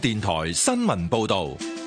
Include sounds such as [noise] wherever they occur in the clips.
電台新聞報道。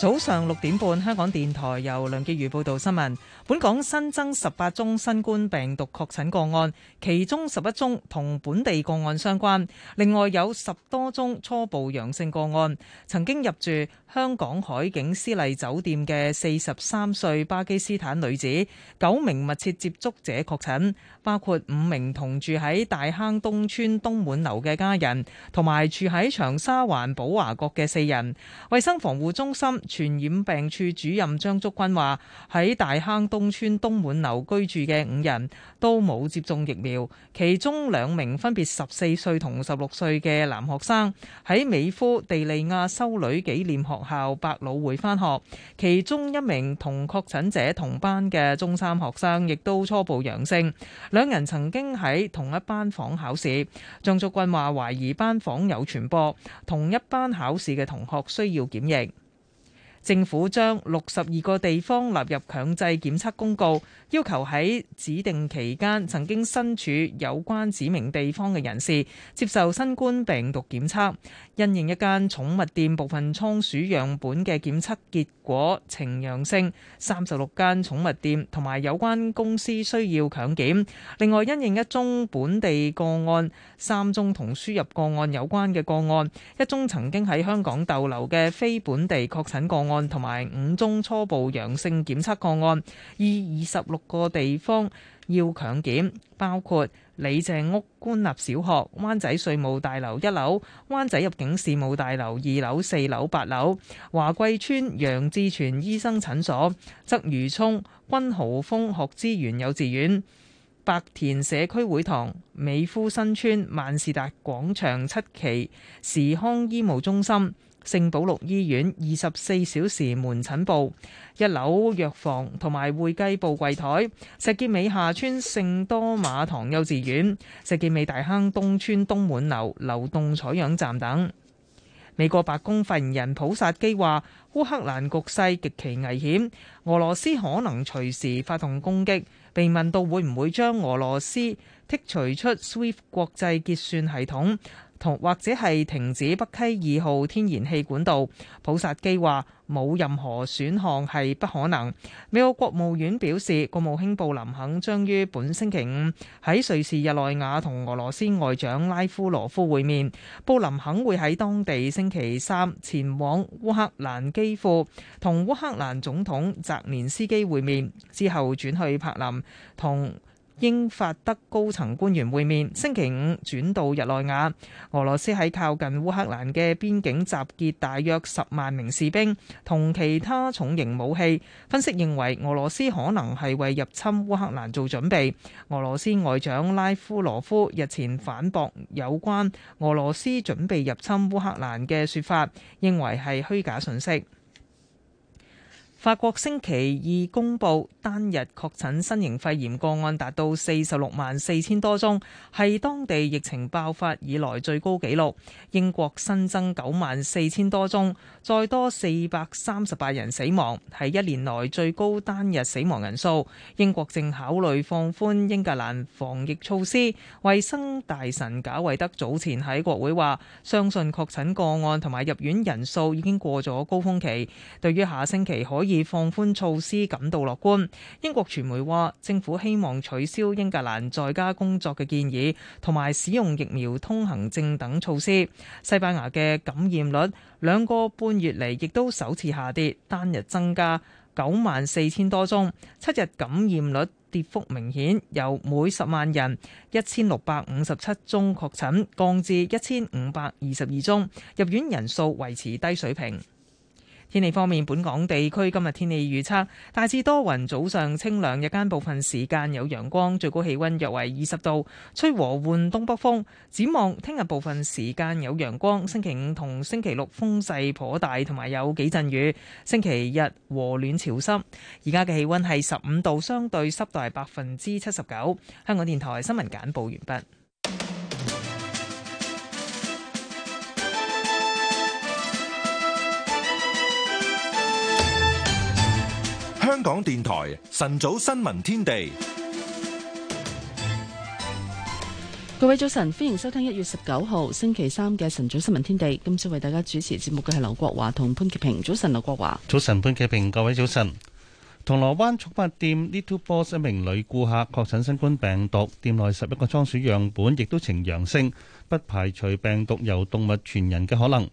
早上六點半，香港電台由梁潔如報導新聞。本港新增十八宗新冠病毒確診個案，其中十一宗同本地個案相關，另外有十多宗初步陽性個案。曾經入住香港海景絲麗酒店嘅四十三歲巴基斯坦女子，九名密切接觸者確診，包括五名同住喺大坑東村東滿樓嘅家人，同埋住喺長沙灣寶華閣嘅四人。衛生防護中心傳染病處主任張竹君話：喺大坑東村東滿樓居住嘅五人都冇接種疫苗，其中兩名分別十四歲同十六歲嘅男學生喺美孚地利亞修女紀念學校百老匯返學，其中一名同確診者同班嘅中三學生亦都初步陽性，兩人曾經喺同一班房考試。張竹君話懷疑班房有傳播，同一班考試嘅同學需要檢疫。政府將六十二個地方納入強制檢測公告，要求喺指定期間曾經身處有關指明地方嘅人士接受新冠病毒檢測。因應一間寵物店部分倉鼠樣本嘅檢測結果呈陽性，三十六間寵物店同埋有關公司需要強檢。另外，因應一宗本地個案、三宗同輸入個案有關嘅個案，一宗曾經喺香港逗留嘅非本地確診個案。案同埋五宗初步陽性檢測個案，而二十六個地方要強檢，包括李鄭屋官立小學、灣仔稅務大樓一樓、灣仔入境事務大樓二樓、四樓、八樓、華貴邨楊志全醫生診所、鰂魚涌君豪豐學資源幼，幼稚園、白田社區會堂、美孚新村萬事達廣場七期時康醫務中心。聖保祿醫院二十四小時門診部、一樓藥房同埋會計部櫃台、石硤尾下村聖多馬堂幼稚園、石硤尾大坑東村東滿樓流，流動採樣站等。美國白宮發言人普薩基話：烏克蘭局勢極其危險，俄羅斯可能隨時發動攻擊。被問到會唔會將俄羅斯剔除出 SWIFT 國際結算系統？同或者係停止北溪二號天然氣管道，普薩基話冇任何選項係不可能。美國國務院表示，國務卿布林肯將於本星期五喺瑞士日內瓦同俄羅斯外長拉夫羅夫會面。布林肯會喺當地星期三前往烏克蘭基庫同烏克蘭總統澤連斯基會面，之後轉去柏林同。英法德高層官員會面，星期五轉到日內瓦。俄羅斯喺靠近烏克蘭嘅邊境集結大約十萬名士兵同其他重型武器。分析認為俄羅斯可能係為入侵烏克蘭做準備。俄羅斯外長拉夫羅夫日前反駁有關俄羅斯準備入侵烏克蘭嘅說法，認為係虛假信息。法國星期二公布單日確診新型肺炎個案達到四十六萬四千多宗，係當地疫情爆發以來最高紀錄。英國新增九萬四千多宗，再多四百三十八人死亡，係一年內最高單日死亡人數。英國正考慮放寬英格蘭防疫措施。衛生大臣賈維德早前喺國會話：相信確診個案同埋入院人數已經過咗高峰期。對於下星期可以以放寬措施感到樂觀，英國傳媒話政府希望取消英格蘭在家工作嘅建議，同埋使用疫苗通行證等措施。西班牙嘅感染率兩個半月嚟亦都首次下跌，單日增加九萬四千多宗，七日感染率跌幅明顯，由每十萬人一千六百五十七宗確診降至一千五百二十二宗，入院人數維持低水平。天氣方面，本港地區今日天氣預測大致多雲，早上清涼，日間部分時間有陽光，最高氣溫約為二十度，吹和緩東北風。展望聽日部分時間有陽光，星期五同星期六風勢頗大，同埋有幾陣雨。星期日和暖潮濕。而家嘅氣溫係十五度，相對濕度係百分之七十九。香港電台新聞簡報完畢。香港電台晨早新聞天地，各位早晨，歡迎收聽一月十九號星期三嘅晨早新聞天地。今次為大家主持節目嘅係劉國華同潘潔平。早晨，劉國華。早晨，潘潔平。各位早晨。銅鑼灣寵物店呢 Little Boss 一名女顧客確診新冠病毒，店內十一個倉鼠樣本亦都呈陽性，不排除病毒由動物傳人嘅可能。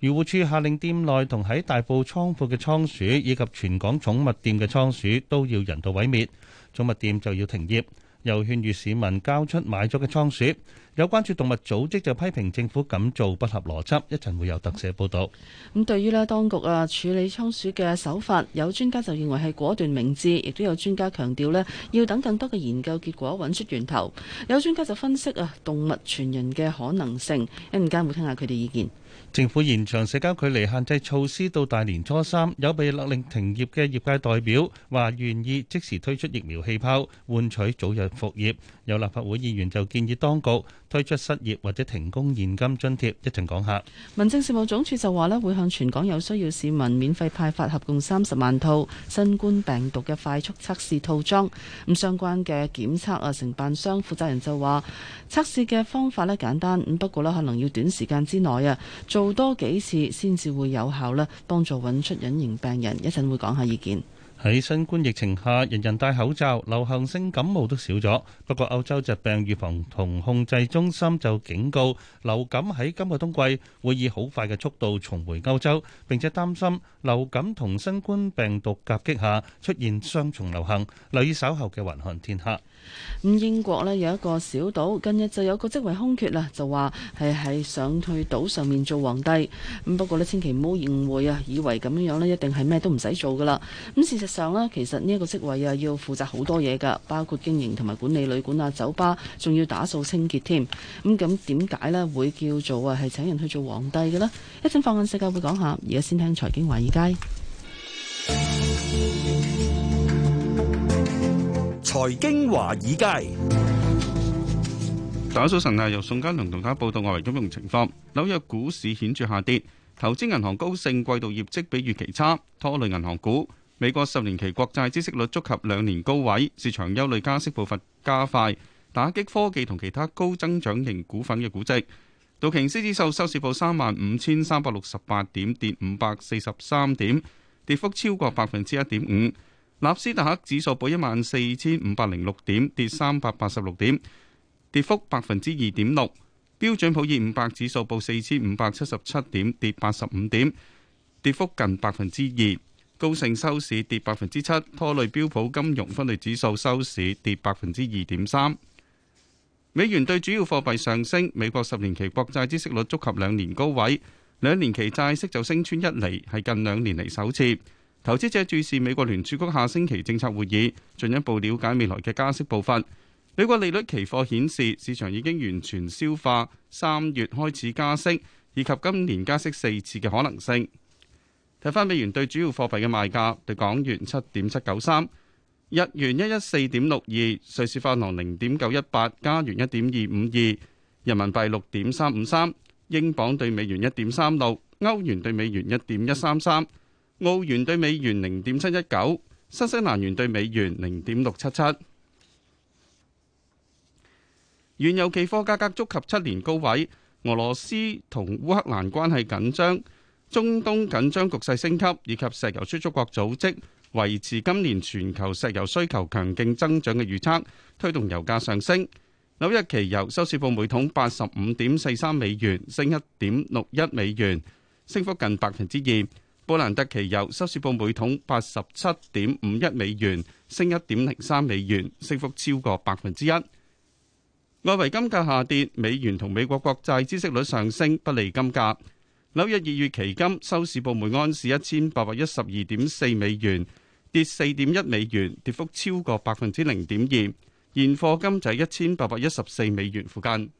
漁護處下令店內同喺大埔倉庫嘅倉鼠，以及全港寵物店嘅倉鼠都要人道毀滅，寵物店就要停業，又勸喻市民交出買咗嘅倉鼠。有關注動物組織就批評政府咁做不合邏輯。一陣會有特寫報道。咁對於呢當局啊處理倉鼠嘅手法，有專家就認為係果斷明智，亦都有專家強調呢要等更多嘅研究結果，揾出源頭。有專家就分析啊動物傳人嘅可能性，一陣間會聽下佢哋意見。政府延長社交距離限制措施到大年初三，有被勒令停業嘅業界代表話願意即時推出疫苗氣泡，換取早日復業。有立法會議員就建議當局。推出失業或者停工現金津貼，一陣講下。民政事務總署就話咧，會向全港有需要市民免費派發合共三十萬套新冠病毒嘅快速測試套裝。咁相關嘅檢測啊，承辦商負責人就話，測試嘅方法咧簡單，咁不過咧可能要短時間之內啊做多幾次先至會有效啦，幫助揾出隱形病人。一陣會講下意見。喺新冠疫情下，人人戴口罩，流行性感冒都少咗。不過歐洲疾病預防同控制中心就警告，流感喺今個冬季會以好快嘅速度重回歐洲，並且擔心流感同新冠病毒夾擊下出現雙重流行。留意稍後嘅雲寒，寒天黑。英國咧有一個小島，近日就有個職位空缺啦，就話係喺想去島上面做皇帝。咁不過咧，千祈唔好誤會啊，以為咁樣樣咧一定係咩都唔使做噶啦。咁事實上呢，其實呢一個職位啊要負責好多嘢噶，包括經營同埋管理旅館啊、酒吧，仲要打掃清潔添。咁咁點解呢會叫做啊係請人去做皇帝嘅呢？一陣放眼世界會講下，而家先聽財經華爾街。 [music] 財經華爾街，大家早晨啊！由宋嘉倫同大家報道外圍金融情況。紐約股市顯著下跌，投資銀行高盛季度業績比預期差，拖累銀行股。美國十年期國債孳息率觸及兩年高位，市場憂慮加息步伐加快，打擊科技同其他高增長型股份嘅估值。道瓊斯指數收市報三萬五千三百六十八點，跌五百四十三點，跌幅超過百分之一點五。納斯達克指數報一萬四千五百零六點，跌三百八十六點，跌幅百分之二點六。標準普爾五百指數報四千五百七十七點，跌八十五點，跌幅近百分之二。高盛收市跌百分之七，拖累標普金融分類指數收市跌百分之二點三。美元兌主要貨幣上升，美國十年期國債孳息率觸及兩年高位，兩年期債息就升穿一厘，係近兩年嚟首次。投資者注視美國聯儲局下星期政策會議，進一步了解未來嘅加息部分。美國利率期貨顯示，市場已經完全消化三月開始加息以及今年加息四次嘅可能性。睇翻美元對主要貨幣嘅賣價：對港元七點七九三，日元一一四點六二，瑞士法郎零點九一八，加元一點二五二，人民幣六點三五三，英鎊對美元一點三六，歐元對美元一點一三三。澳元兌美元零點七一九，新西蘭元兌美元零點六七七。原油期貨價格觸及七年高位，俄羅斯同烏克蘭關係緊張，中東緊張局勢升級，以及石油輸出國組織維持今年全球石油需求強勁增長嘅預測，推動油價上升。紐約期油收市報每桶八十五點四三美元，升一點六一美元，升幅近百分之二。布蘭特期油收市報每桶八十七點五一美元，升一點零三美元，升幅超過百分之一。外圍金價下跌，美元同美國國債孳息率上升，不利金價。紐約二月期金收市報每安士一千八百一十二點四美元，跌四點一美元，跌幅超過百分之零點二。現貨金就係一千八百一十四美元附近。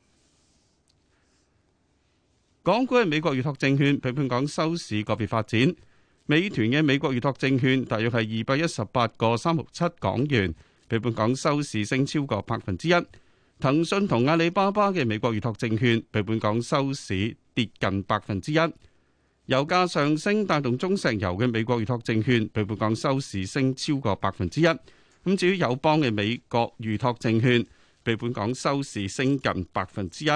港股嘅美國預託證券，比本港收市個別發展。美團嘅美國預託證券大約係二百一十八個三毫七港元，比本港收市升超過百分之一。騰訊同阿里巴巴嘅美國預託證券，比本港收市跌近百分之一。油價上升帶動中石油嘅美國預託證券，比本港收市升超過百分之一。咁至於友邦嘅美國預託證券，比本港收市升近百分之一。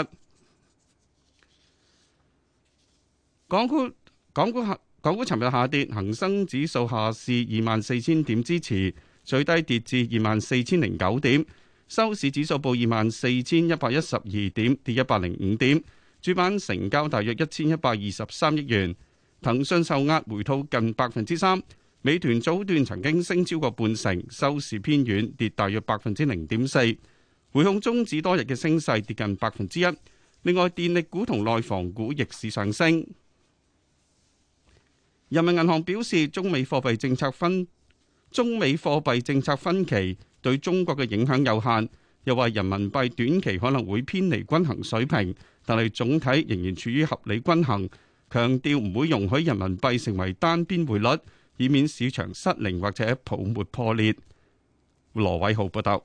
港股港股下港股尋日下跌，恆生指數下試二萬四千點支持，最低跌至二萬四千零九點，收市指數報二萬四千一百一十二點，跌一百零五點。主板成交大約一千一百二十三億元，騰訊受壓回吐近百分之三。美團早段曾經升超過半成，收市偏軟，跌大約百分之零點四。匯控終止多日嘅升勢，跌近百分之一。另外，電力股同內房股逆市上升。人民銀行表示，中美貨幣政策分中美貨幣政策分歧對中國嘅影響有限，又話人民幣短期可能會偏離均衡水平，但係總體仍然處於合理均衡。強調唔會容許人民幣成為單邊匯率，以免市場失靈或者泡沫破裂。羅偉浩報道。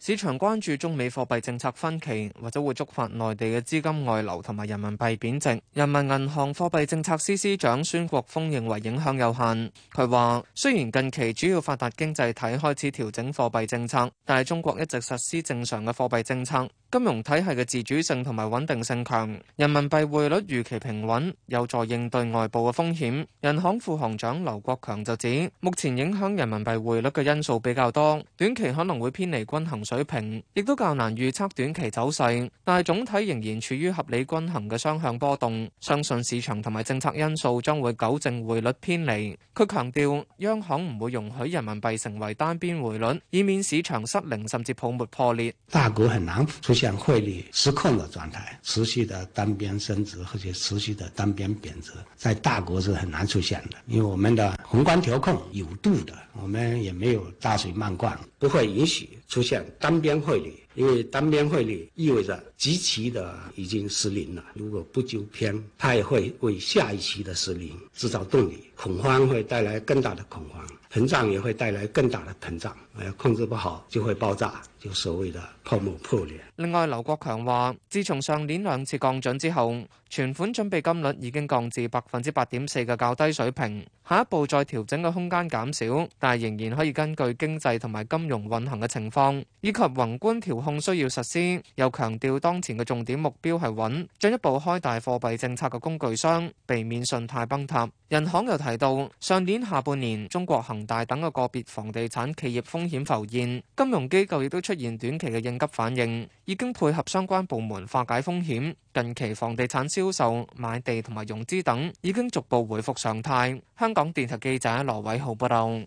市場關注中美貨幣政策分歧，或者會觸發內地嘅資金外流同埋人民幣貶值。人民銀行貨幣政策司司長孫國峰認為影響有限。佢話，雖然近期主要發達經濟體開始調整貨幣政策，但係中國一直實施正常嘅貨幣政策。金融體系嘅自主性同埋穩定性強，人民幣匯率預期平穩有助應對外部嘅風險。人行副行長劉國強就指，目前影響人民幣匯率嘅因素比較多，短期可能會偏離均衡水平，亦都較難預測短期走勢，但係總體仍然處於合理均衡嘅雙向波動，相信市場同埋政策因素將會糾正匯率偏離，佢強調央行唔會容許人民幣成為單邊匯率，以免市場失靈甚至泡沫破裂。大股係冷。出現匯率失控的狀態，持續的單邊升值或者持續的單邊貶值，在大國是很難出現的，因為我們的宏觀調控有度的，我們也沒有大水漫灌，不會允許出現單邊匯率，因為單邊匯率意味着極其的已經失靈了。如果不糾偏，它也會為下一期的失靈製造動力，恐慌會帶來更大的恐慌，膨脹也會帶來更大的膨脹，控制不好就會爆炸。有所謂嘅泡沫破裂。另外，劉國強話，自從上年兩次降準之後，存款準備金率已經降至百分之八點四嘅較低水平，下一步再調整嘅空間減少，但係仍然可以根據經濟同埋金融運行嘅情況，以及宏觀調控需要實施。又強調當前嘅重點目標係穩，進一步開大貨幣政策嘅工具箱，避免信貸崩塌。人行又提到，上年下半年中國恒大等嘅個別房地產企業風險浮現，金融機構亦都。出現短期嘅應急反應，已經配合相關部門化解風險。近期房地產銷售、買地同埋融資等已經逐步回復常態。香港電台記者羅偉浩報道：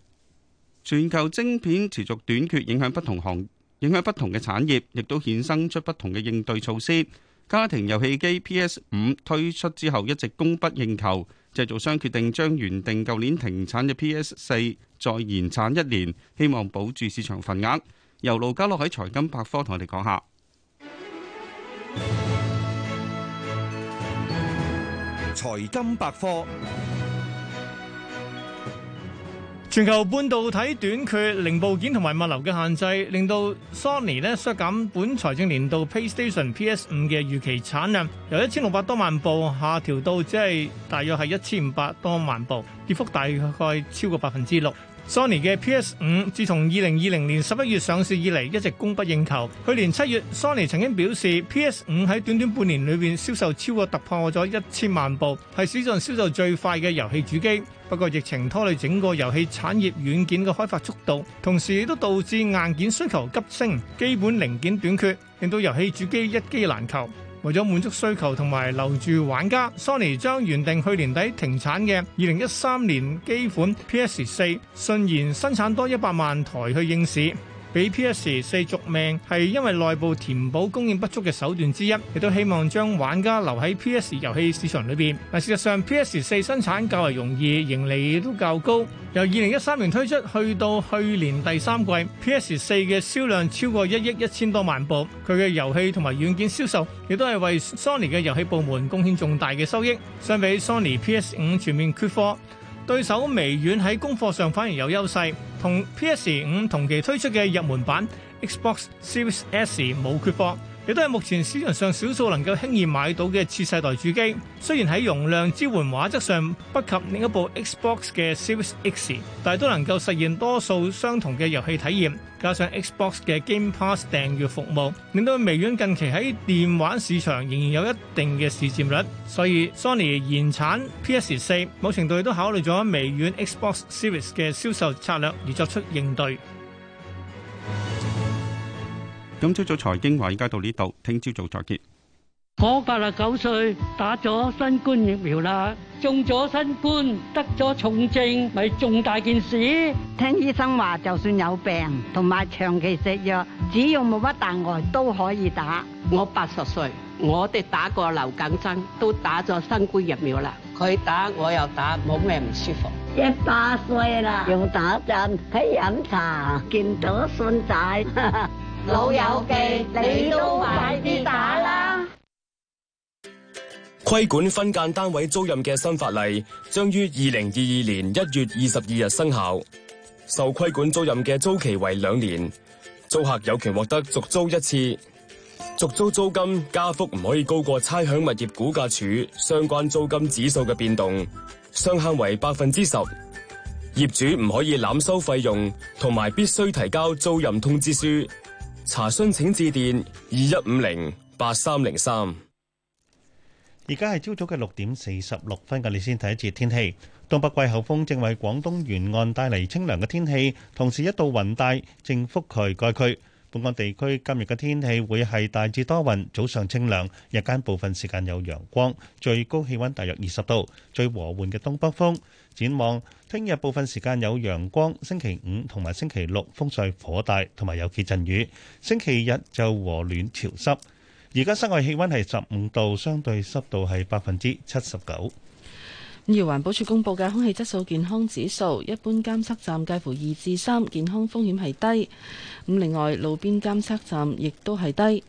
全球晶片持續短缺，影響不同行，影響不同嘅產業，亦都衍生出不同嘅應對措施。家庭遊戲機 PS5 推出之後一直供不應求，製造商決定將原定舊年停產嘅 PS4 再延產一年，希望保住市場份額。由盧家樂喺財金百科同我哋講下。財金百科，全球半導體短缺，零部件同埋物流嘅限制，令到 Sony 呢削減本財政年度 PlayStation PS 五嘅預期產量，由一千六百多萬部下調到即係大約係一千五百多萬部，跌幅大概超過百分之六。Sony 嘅 PS 五，自從二零二零年十一月上市以嚟，一直供不應求。去年七月，Sony 曾經表示，PS 五喺短短半年裏面銷售超過突破咗一千萬部，係史上銷售最快嘅遊戲主機。不過疫情拖累整個遊戲產業軟件嘅開發速度，同時亦都導致硬件需求急升，基本零件短缺，令到遊戲主機一機難求。為咗滿足需求同埋留住玩家，Sony 將原定去年底停產嘅二零一三年機款 PS4 順延生產多一百萬台去應市。俾 PS 四續命係因為內部填補供應不足嘅手段之一，亦都希望將玩家留喺 PS 遊戲市場裏邊。但事實上，PS 四生產較為容易，盈利亦都較高。由二零一三年推出去到去年第三季，PS 四嘅銷量超過一億一千多萬部。佢嘅遊戲同埋軟件銷售亦都係為 Sony 嘅遊戲部門貢獻重大嘅收益。相比 Sony PS 五全面缺貨。對手微軟喺功課上反而有優勢，同 PS5 同期推出嘅入門版 Xbox Series S 冇缺貨。亦都係目前市場上少數能夠輕易買到嘅次世代主機，雖然喺容量支援畫質上不及另一部 Xbox 嘅 Series X，但係都能夠實現多數相同嘅遊戲體驗。加上 Xbox 嘅 Game Pass 訂閲服務，令到微軟近期喺電玩市場仍然有一定嘅市佔率。所以 Sony 延產 PS4，某程度亦都考慮咗微軟 Xbox Series 嘅銷售策略而作出應對。咁朝早財經話而家到呢度，聽朝早再見。我八十九歲，打咗新冠疫苗啦，中咗新冠得咗重症，咪重大件事。聽醫生話，就算有病同埋長期食藥，只要冇乜大礙都可以打。我八十歲，我哋打過流感針，都打咗新冠疫苗啦。佢打我又打，冇咩唔舒服。一百歲啦，用打針，睇飲茶，見到信仔。老友記，你都快啲打啦！規管分間單位租賃嘅新法例將於二零二二年一月二十二日生效。受規管租賃嘅租期為兩年，租客有權獲得續租一次。續租租金加幅唔可以高過差餉物業估價署相關租金指數嘅變動，上限為百分之十。業主唔可以濫收費用，同埋必須提交租賃通知書。查詢請致電二一五零八三零三。而家係朝早嘅六點四十六分，噶你先睇一次天氣。東北季候風正為廣東沿岸帶嚟清涼嘅天氣，同時一道雲帶正覆蓋該區。本港地區今日嘅天氣會係大致多雲，早上清涼，日間部分時間有陽光，最高氣溫大約二十度，最和緩嘅東北風展望。聽日部分時間有陽光，星期五同埋星期六風勢頗大，同埋有幾陣雨。星期日就和暖潮濕。而家室外氣溫係十五度，相對濕度係百分之七十九。咁而環保署公布嘅空氣質素健康指數，一般監測站介乎二至三，健康風險係低。咁另外路邊監測站亦都係低。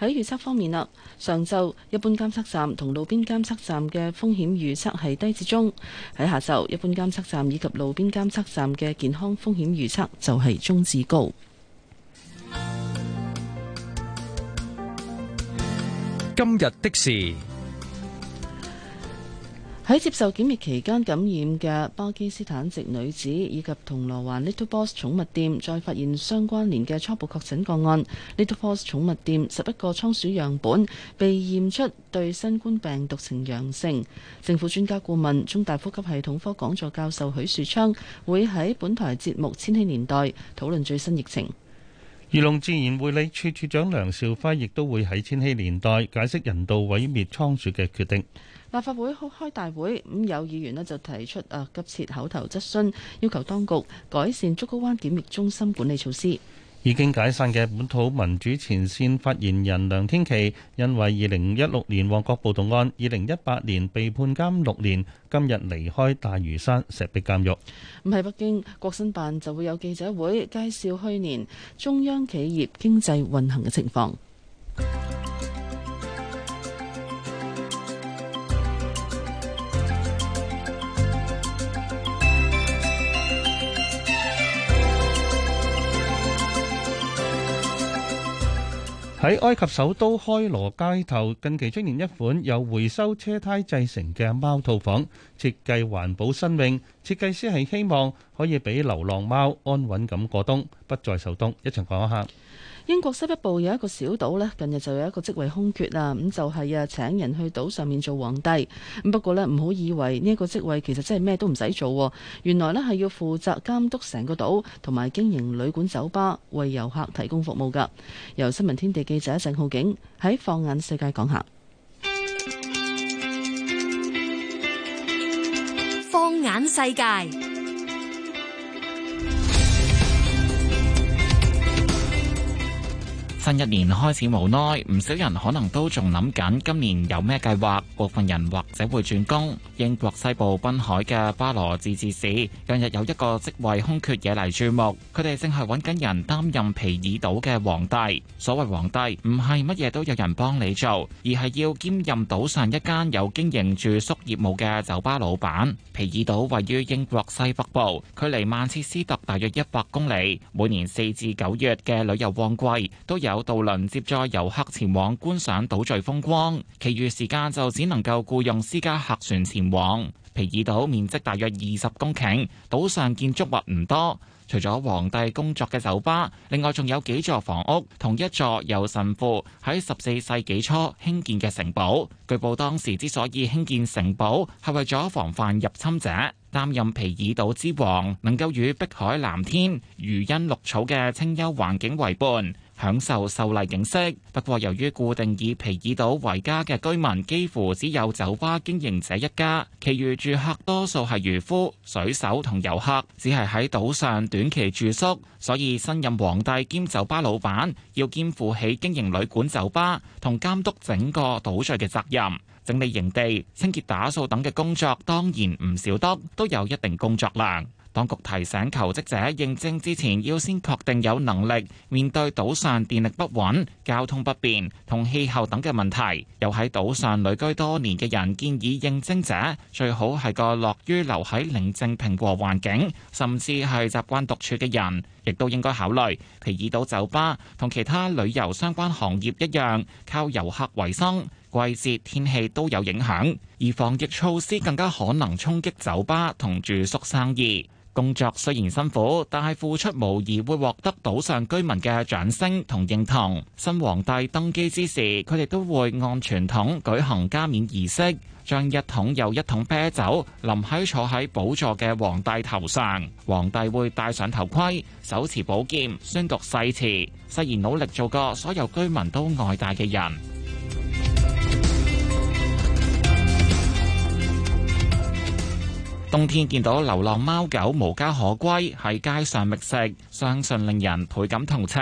喺預測方面啦，上晝一般監測站同路邊監測站嘅風險預測係低至中。喺下晝一般監測站以及路邊監測站嘅健康風險預測就係中至高。今日的事。喺接受檢疫期間感染嘅巴基斯坦籍女子，以及銅鑼灣 Little Boss 寵物店，再發現相關連嘅初步確診個案。Little Boss 寵物店十一個倉鼠樣本被驗出對新冠病毒呈陽性。政府專家顧問中大呼吸系統科講座教授許樹昌會喺本台節目《千禧年代》討論最新疫情。漁農自然護理處處長梁兆輝亦都會喺《千禧年代》解釋人道毀滅倉鼠嘅決定。立法會開大會，咁有議員咧就提出誒急切口頭質詢，要求當局改善竹篙灣檢疫中心管理措施。已經解散嘅本土民主前線發言人梁天琦，因為二零一六年旺角暴動案，二零一八年被判監六年，今日離開大嶼山石壁監獄。咁喺北京，國新辦就會有記者會，介紹去年中央企業經濟運行嘅情況。喺埃及首都開羅街頭近期出現一款由回收車胎製成嘅貓套房，設計環保新穎，設計師係希望可以俾流浪貓安穩咁過冬，不再受凍，一齊講下。英國西北部有一個小島咧，近日就有一個職位空缺啦，咁就係啊，請人去島上面做皇帝。不過呢，唔好以為呢一個職位其實真係咩都唔使做，原來呢係要負責監督成個島，同埋經營旅館、酒吧，為遊客提供服務噶。由新聞天地記者鄭浩景喺《放眼世界》講下，《放眼世界》。新一年開始無奈，唔少人可能都仲諗緊今年有咩計劃。部分人或者會轉工。英國西部濱海嘅巴羅自治市近日有一個職位空缺惹嚟注目。佢哋正係揾緊人擔任皮爾島嘅皇帝。所謂皇帝唔係乜嘢都有人幫你做，而係要兼任島上一間有經營住宿業務嘅酒吧老闆。皮爾島位於英國西北部，距離曼徹斯特大約一百公里。每年四至九月嘅旅遊旺季都有有渡輪接載遊客前往觀賞島嶼風光，其餘時間就只能夠僱傭私家客船前往。皮爾島面積大約二十公頃，島上建築物唔多，除咗皇帝工作嘅酒吧，另外仲有幾座房屋同一座由神父喺十四世紀初興建嘅城堡。據報當時之所以興建城堡，係為咗防範入侵者。擔任皮爾島之王，能夠與碧海藍天、如茵綠草嘅清幽環境為伴。享受受例景色，不過由於固定以皮爾島為家嘅居民，幾乎只有酒吧經營者一家，其餘住客多數係漁夫、水手同遊客，只係喺島上短期住宿，所以新任皇帝兼酒吧老闆要肩負起經營旅館酒吧同監督整個島嶼嘅責任，整理營地、清潔打掃等嘅工作當然唔少得，都有一定工作量。當局提醒求職者應徵之前要先確定有能力面對島上電力不穩、交通不便同氣候等嘅問題。有喺島上旅居多年嘅人建議應徵者最好係個樂於留喺寧靜平和環境，甚至係習慣獨處嘅人，亦都應該考慮，皮爾島酒吧同其他旅遊相關行業一樣，靠遊客為生，季節、天氣都有影響，而防疫措施更加可能衝擊酒吧同住宿生意。工作雖然辛苦，但係付出無疑會獲得島上居民嘅掌聲同認同。新皇帝登基之時，佢哋都會按傳統舉行加冕儀式，將一桶又一桶啤酒淋喺坐喺寶座嘅皇帝頭上。皇帝會戴上頭盔，手持寶劍，宣讀誓詞，誓言努力做個所有居民都愛戴嘅人。冬天見到流浪貓狗無家可歸，喺街上覓食，相信令人倍感同情。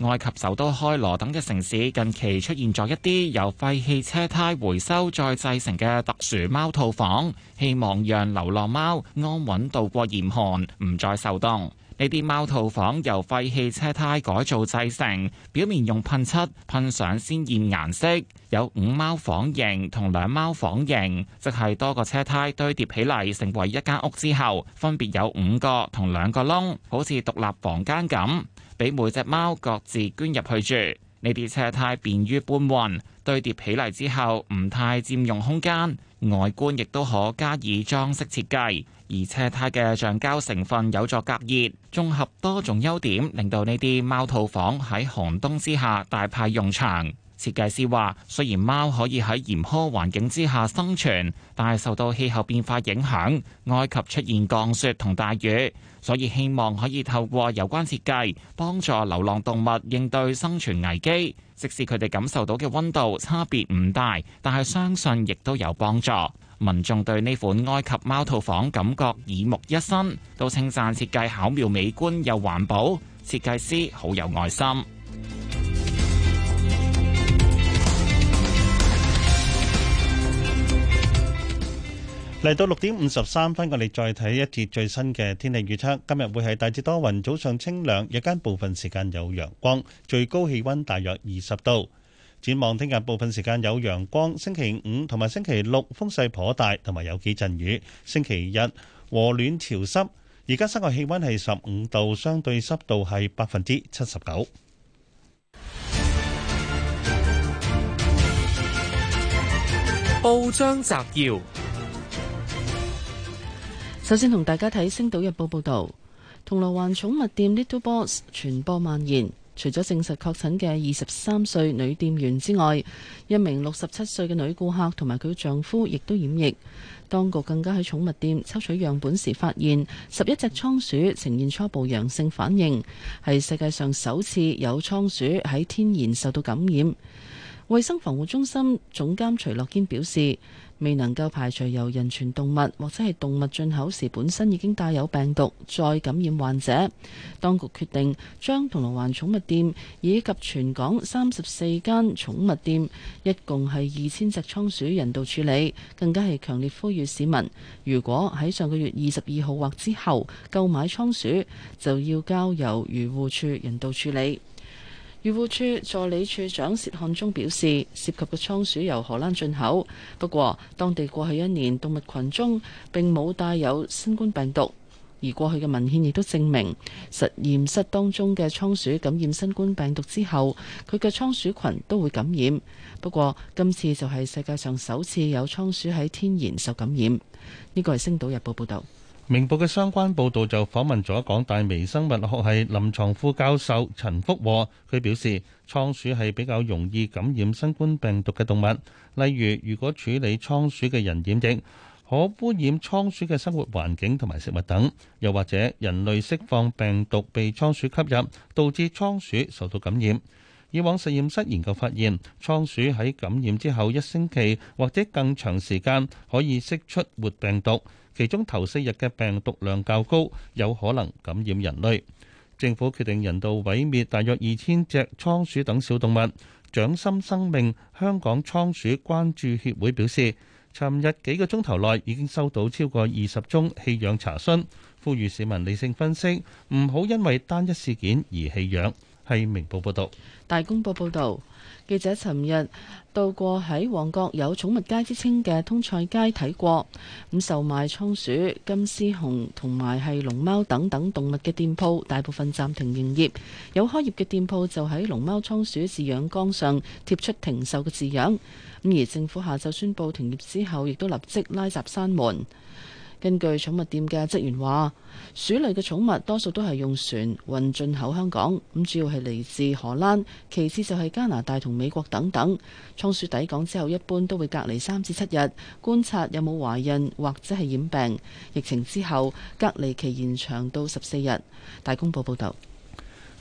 埃及首都開羅等嘅城市近期出現咗一啲由廢棄車胎回收再製成嘅特殊貓套房，希望讓流浪貓安穩度過嚴寒，唔再受凍。呢啲貓套房由廢棄車胎改造製成，表面用噴漆噴上鮮豔顏色，有五貓房型同兩貓房型，即係多個車胎堆疊起嚟成為一間屋之後，分別有五個同兩個窿，好似獨立房間咁，俾每隻貓各自捐入去住。呢啲車胎便於搬運，堆疊起嚟之後唔太佔用空間。外觀亦都可加以裝飾設計，而車胎嘅橡膠成分有助隔熱，綜合多種優點，令到呢啲貓套房喺寒冬之下大派用場。設計師話：雖然貓可以喺嚴苛環境之下生存，但係受到氣候變化影響，埃及出現降雪同大雨，所以希望可以透過有關設計，幫助流浪動物應對生存危機。即使佢哋感受到嘅溫度差別唔大，但係相信亦都有幫助。民眾對呢款埃及貓套房感覺耳目一新，都稱讚設計巧妙、美觀又環保。設計師好有愛心。嚟到六點五十三分，我哋再睇一節最新嘅天氣預測。今日會係大致多雲，早上清涼，日間部分時間有陽光，最高氣溫大約二十度。展望聽日部分時間有陽光，星期五同埋星期六風勢頗大，同埋有幾陣雨。星期日和暖潮濕。而家室外氣溫係十五度，相對濕度係百分之七十九。報章摘要。首先同大家睇《星島日報》報道，銅鑼灣寵物店 Little Boss 傳播蔓延。除咗證實確診嘅二十三歲女店員之外，一名六十七歲嘅女顧客同埋佢丈夫亦都染疫。當局更加喺寵物店抽取樣本時發現，十一隻倉鼠呈現初步陽性反應，係世界上首次有倉鼠喺天然受到感染。衛生防護中心總監徐樂堅表示：未能夠排除由人傳動物或者係動物進口時本身已經帶有病毒再感染患者，當局決定將銅鑼灣寵物店以及全港三十四間寵物店，一共係二千隻倉鼠人道處理，更加係強烈呼籲市民如果喺上個月二十二號或之後購買倉鼠，就要交由漁護處人道處理。漁護處助理處長薛漢忠表示，涉及嘅倉鼠由荷蘭進口，不過當地過去一年動物群中並冇帶有新冠病毒，而過去嘅文獻亦都證明，實驗室當中嘅倉鼠感染新冠病毒之後，佢嘅倉鼠群都會感染。不過今次就係世界上首次有倉鼠喺天然受感染。呢個係《星島日報》報道。明報嘅相關報導就訪問咗港大微生物學系臨牀副教授陳福和。佢表示，倉鼠係比較容易感染新冠病毒嘅動物。例如，如果處理倉鼠嘅人染疫，可污染倉鼠嘅生活環境同埋食物等；又或者人類釋放病毒被倉鼠吸入，導致倉鼠受到感染。以往實驗室研究發現，倉鼠喺感染之後一星期或者更長時間可以釋出活病毒。其中頭四日嘅病毒量較高，有可能感染人類。政府決定人道毀滅大約二千隻倉鼠等小動物。掌心生命香港倉鼠關注協會表示，尋日幾個鐘頭內已經收到超過二十宗棄養查詢，呼籲市民理性分析，唔好因為單一事件而棄養。係明報報導，大公報報道。記者尋日到過喺旺角有寵物街之稱嘅通菜街睇過，咁售賣倉鼠、金絲熊同埋係龍貓等等動物嘅店鋪，大部分暫停營業。有開業嘅店鋪就喺龍貓、倉鼠飼養缸上貼出停售嘅字樣。咁而政府下晝宣布停業之後，亦都立即拉閘閂門。根據寵物店嘅職員話，鼠類嘅寵物多數都係用船運進口香港，咁主要係嚟自荷蘭，其次就係加拿大同美國等等。倉鼠抵港之後，一般都會隔離三至七日，觀察有冇懷孕或者係染病。疫情之後，隔離期延長到十四日。大公報報道。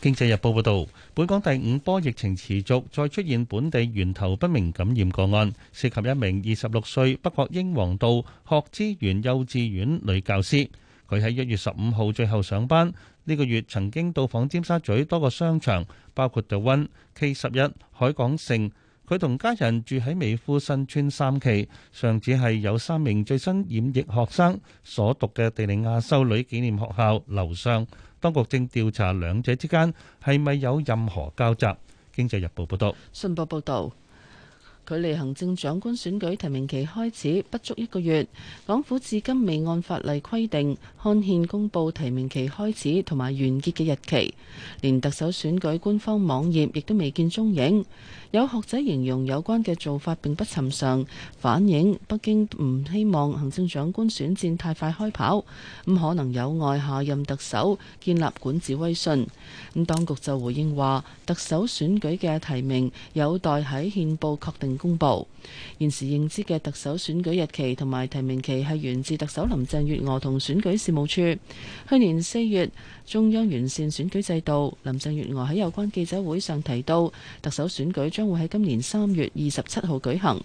經濟日報報道，本港第五波疫情持續，再出現本地源頭不明感染個案，涉及一名二十六歲北角英皇道學之園幼稚園女教師。佢喺一月十五號最後上班，呢、這個月曾經到訪尖沙咀多個商場，包括 The One、K 十一、海港城。佢同家人住喺美孚新村三期，上址係有三名最新染疫學生所讀嘅地利亞修女紀念學校樓上。當局正調查兩者之間係咪有任何交集。經濟日報報道，信報報道，距離行政長官選舉提名期開始不足一個月，港府至今未按法例規定刊憲公佈提名期開始同埋完結嘅日期，連特首選舉官方網頁亦都未見蹤影。有學者形容有關嘅做法並不尋常，反映北京唔希望行政長官選戰太快開跑，咁可能有礙下任特首建立管治威信。咁當局就回應話，特首選舉嘅提名有待喺憲報確定公佈。現時認知嘅特首選舉日期同埋提名期係源自特首林鄭月娥同選舉事務處去年四月。中央完善選舉制度，林鄭月娥喺有關記者會上提到，特首選舉將會喺今年三月二十七號舉行。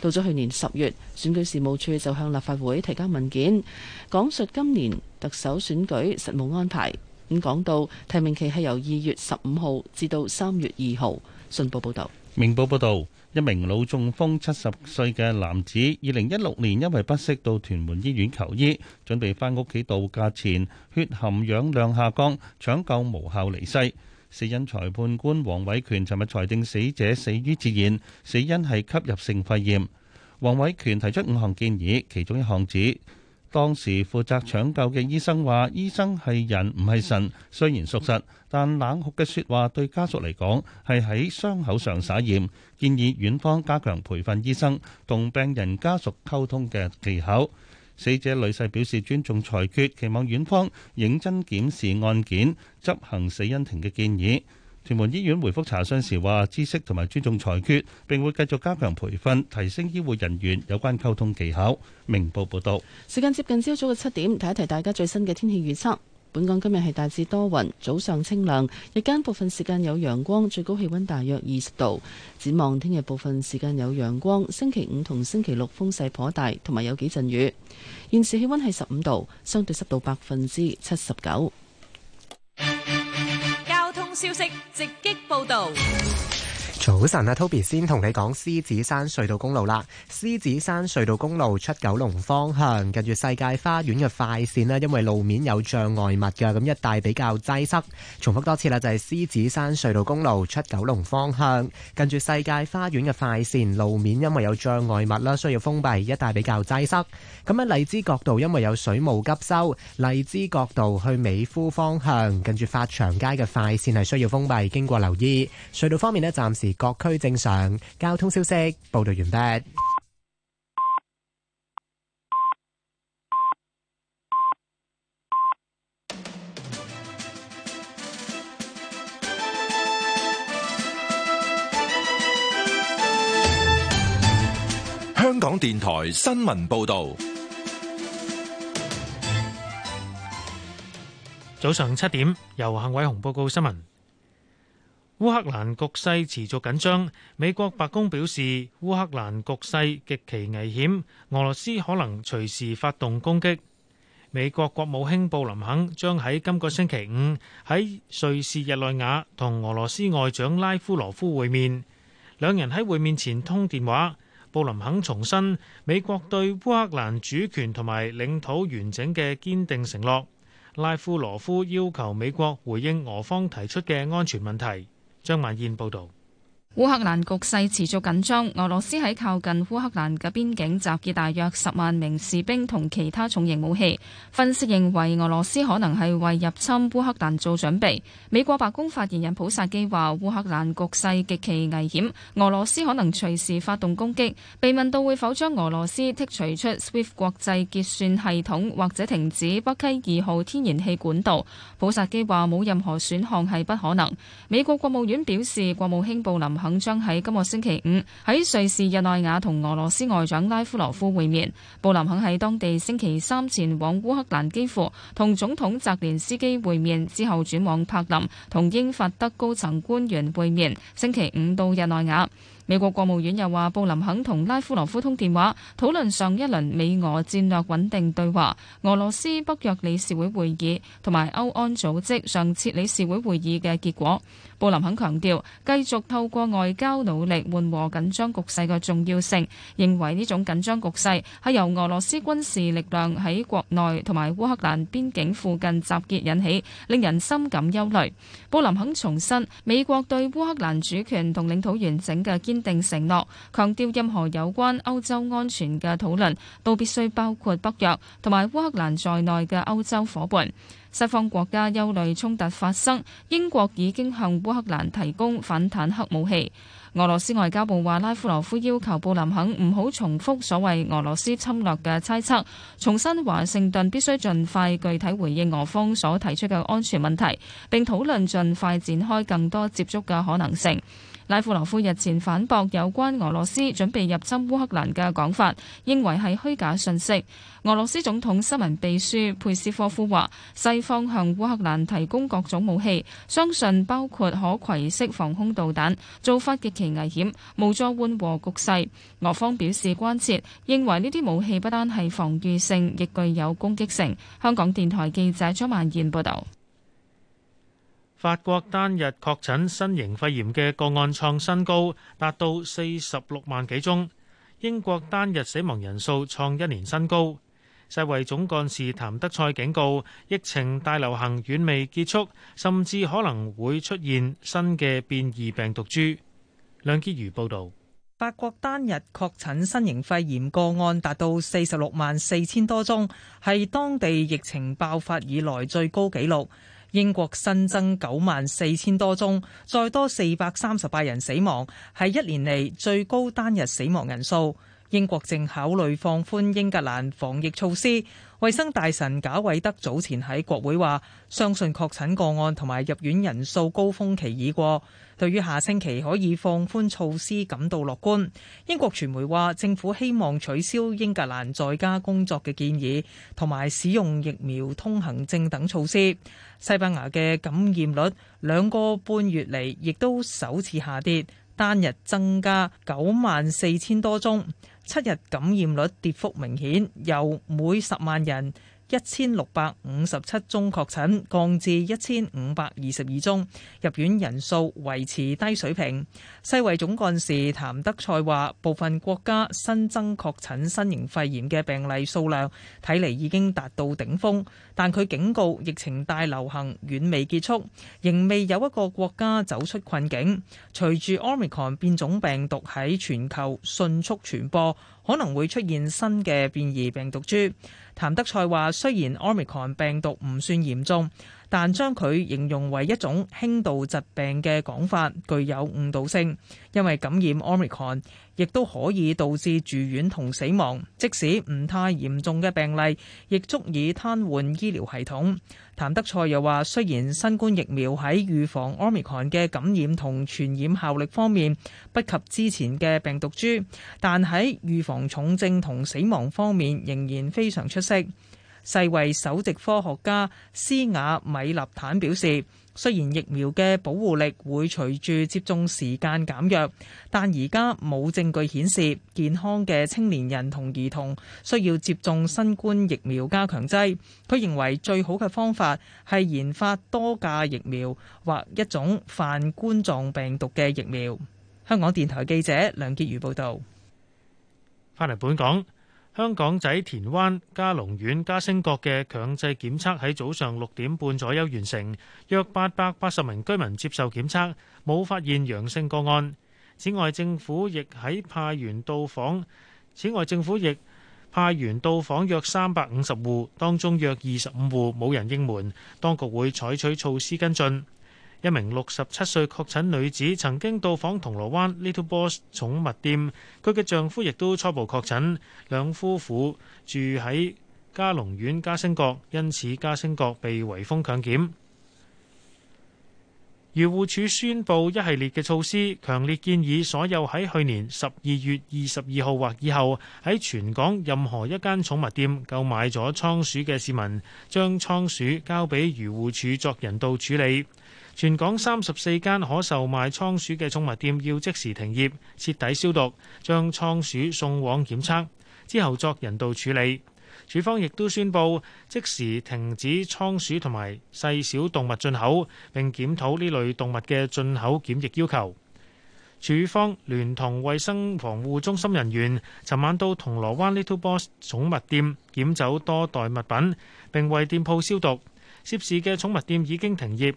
到咗去年十月，選舉事務處就向立法會提交文件，講述今年特首選舉實務安排。咁，嗯，講到提名期係由二月十五號至到三月二號。信報報道。明報報道，一名腦中風七十歲嘅男子，二零一六年因為不適到屯門醫院求醫，準備翻屋企度假前，血含氧量下降，搶救無效離世。死因裁判官黃偉權尋日裁定死者死於自然，死因係吸入性肺炎。黃偉權提出五項建議，其中一項指。當時負責搶救嘅醫生話：醫生係人唔係神，雖然屬實，但冷酷嘅說話對家屬嚟講係喺傷口上撒鹽。建議院方加強培訓醫生同病人家屬溝通嘅技巧。死者女婿表示尊重裁決，期望院方認真檢視案件，執行死因庭嘅建議。屯門醫院回覆查詢時話：知識同埋尊重裁決，並會繼續加強培訓，提升醫護人員有關溝通技巧。明報報道。時間接近朝早嘅七點，提一提大家最新嘅天氣預測。本港今日係大致多雲，早上清涼，日間部分時間有陽光，最高氣溫大約二十度。展望聽日部分時間有陽光，星期五同星期六風勢頗大，同埋有幾陣雨。現時氣溫係十五度，相對濕度百分之七十九。消息直擊報導。早晨啊，Toby 先同你講獅子山隧道公路啦。獅子山隧道公路出九龍方向，近住世界花園嘅快綫啦，因為路面有障礙物嘅，咁一帶比較擠塞。重複多次啦，就係獅子山隧道公路出九龍方向，近住世界花園嘅快綫，路面因為有障礙物啦，需要封閉，一帶比較擠塞。咁喺荔枝角道，因為有水務急修，荔枝角道去美孚方向，近住發祥街嘅快綫係需要封閉，經過留意。隧道方面咧，暫時。各區正常交通消息報道完畢。香港電台新聞報道，早上七點由幸偉鴻報告新聞。烏克蘭局勢持續緊張，美國白宮表示烏克蘭局勢極其危險，俄羅斯可能隨時發動攻擊。美國國務卿布林肯將喺今個星期五喺瑞士日內瓦同俄羅斯外長拉夫羅夫會面，兩人喺會面前通電話。布林肯重申美國對烏克蘭主權同埋領土完整嘅堅定承諾。拉夫羅夫要求美國回應俄方提出嘅安全問題。張萬燕報道。烏克蘭局勢持續緊張，俄羅斯喺靠近烏克蘭嘅邊境集結大約十萬名士兵同其他重型武器。分析認為，俄羅斯可能係為入侵烏克蘭做準備。美國白宮發言人普薩基話，烏克蘭局勢極其危險，俄羅斯可能隨時發動攻擊。被問到會否將俄羅斯剔除出 SWIFT 國際結算系統或者停止北溪二號天然氣管道，普薩基話冇任何選項係不可能。美國國務院表示，國務卿布林肯將喺今個星期五喺瑞士日內瓦同俄羅斯外長拉夫羅夫會面。布林肯喺當地星期三前往烏克蘭基輔，同總統澤連斯基會面，之後轉往柏林同英法德高層官員會面。星期五到日內瓦。美國國務院又話，布林肯同拉夫羅夫通電話討論上一輪美俄戰略穩定對話、俄羅斯北約理事會會會議同埋歐安組織上次理事會會會議嘅結果。布林肯強調繼續透過外交努力緩和緊張局勢嘅重要性，認為呢種緊張局勢係由俄羅斯軍事力量喺國內同埋烏克蘭邊境附近集結引起，令人深感憂慮。布林肯重申美國對烏克蘭主權同領土完整嘅堅定承諾，強調任何有關歐洲安全嘅討論都必須包括北約同埋烏克蘭在內嘅歐洲夥伴。西方國家憂慮衝突發生，英國已經向烏克蘭提供反坦克武器。俄羅斯外交部話，拉夫羅夫要求布林肯唔好重複所謂俄羅斯侵略嘅猜測，重申華盛頓必須盡快具體回應俄方所提出嘅安全問題，並討論盡快展開更多接觸嘅可能性。拉夫羅夫日前反駁有關俄羅斯準備入侵烏,烏克蘭嘅講法，認為係虛假信息。俄羅斯總統新聞秘書佩斯科夫話：西方向烏克蘭提供各種武器，相信包括可攜式防空導彈，做法極其危險，無助緩和局勢。俄方表示關切，認為呢啲武器不單係防禦性，亦具有攻擊性。香港電台記者張曼燕報道。法國單日確診新型肺炎嘅個案創新高，達到四十六萬幾宗。英國單日死亡人數創一年新高。世衛總幹事譚德賽警告，疫情大流行遠未結束，甚至可能會出現新嘅變異病毒株。梁潔如報道：法國單日確診新型肺炎個案達到四十六萬四千多宗，係當地疫情爆發以來最高紀錄。英國新增九萬四千多宗，再多四百三十八人死亡，係一年嚟最高單日死亡人數。英國正考慮放寬英格蘭防疫措施。衛生大臣賈偉德早前喺國會話：相信確診個案同埋入院人數高峰期已過，對於下星期可以放寬措施感到樂觀。英國傳媒話，政府希望取消英格蘭在家工作嘅建議，同埋使用疫苗通行證等措施。西班牙嘅感染率兩個半月嚟亦都首次下跌。單日增加九萬四千多宗，七日感染率跌幅明顯，由每十萬人一千六百五十七宗確診降至一千五百二十二宗，入院人數維持低水平。世衛總幹事譚德塞話：部分國家新增確診新型肺炎嘅病例數量，睇嚟已經達到頂峰，但佢警告疫情大流行遠未結束，仍未有一個國家走出困境。隨住奧密克戎變種病毒喺全球迅速傳播。可能會出現新嘅變異病毒株。譚德塞話：雖然奧密克戎病毒唔算嚴重。但將佢形容為一種輕度疾病嘅講法具有誤導性，因為感染 Omicron 亦都可以導致住院同死亡，即使唔太嚴重嘅病例，亦足以癱瘓醫療系統。譚德塞又話：雖然新冠疫苗喺預防 Omicron 嘅感染同傳染效力方面不及之前嘅病毒株，但喺預防重症同死亡方面仍然非常出色。世衛首席科學家斯瓦米納坦表示，雖然疫苗嘅保護力會隨住接種時間減弱，但而家冇證據顯示健康嘅青年人同兒童需要接種新冠疫苗加強劑。佢認為最好嘅方法係研發多價疫苗或一種泛冠狀病毒嘅疫苗。香港電台記者梁潔如報道。翻嚟本港。香港仔田灣、嘉龍苑、嘉星閣嘅強制檢測喺早上六點半左右完成，約八百八十名居民接受檢測，冇發現陽性個案。此外，政府亦喺派員到訪。此外，政府亦派員到訪約三百五十戶，當中約二十五戶冇人應門，當局會採取措施跟進。一名六十七歲確診女子曾經到訪銅鑼灣 Little Boss 寵物店，佢嘅丈夫亦都初步確診。兩夫婦住喺嘉隆苑嘉星閣，因此嘉星閣被圍封強檢。漁護署宣佈一系列嘅措施，強烈建議所有喺去年十二月二十二號或以後喺全港任何一間寵物店購買咗倉鼠嘅市民，將倉鼠交俾漁護署作人道處理。全港三十四間可售賣倉鼠嘅寵物店要即時停業，徹底消毒，將倉鼠送往檢測，之後作人道處理。署方亦都宣布即時停止倉鼠同埋細小動物進口，並檢討呢類動物嘅進口檢疫要求。署方聯同衛生防護中心人員，尋晚到銅鑼灣 Little Boss 寵物店，檢走多袋物品，並為店鋪消毒。涉事嘅寵物店已經停業。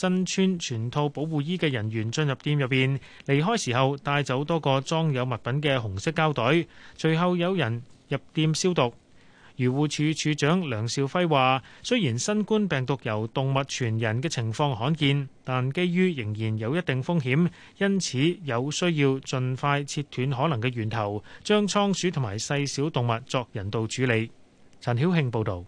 身穿全套保護衣嘅人員進入店入邊，離開時候帶走多個裝有物品嘅紅色膠袋。最後有人入店消毒。漁護署署長梁肇輝話：雖然新冠病毒由動物傳人嘅情況罕見，但基於仍然有一定風險，因此有需要盡快切斷可能嘅源頭，將倉鼠同埋細小動物作人道處理。陳曉慶報導。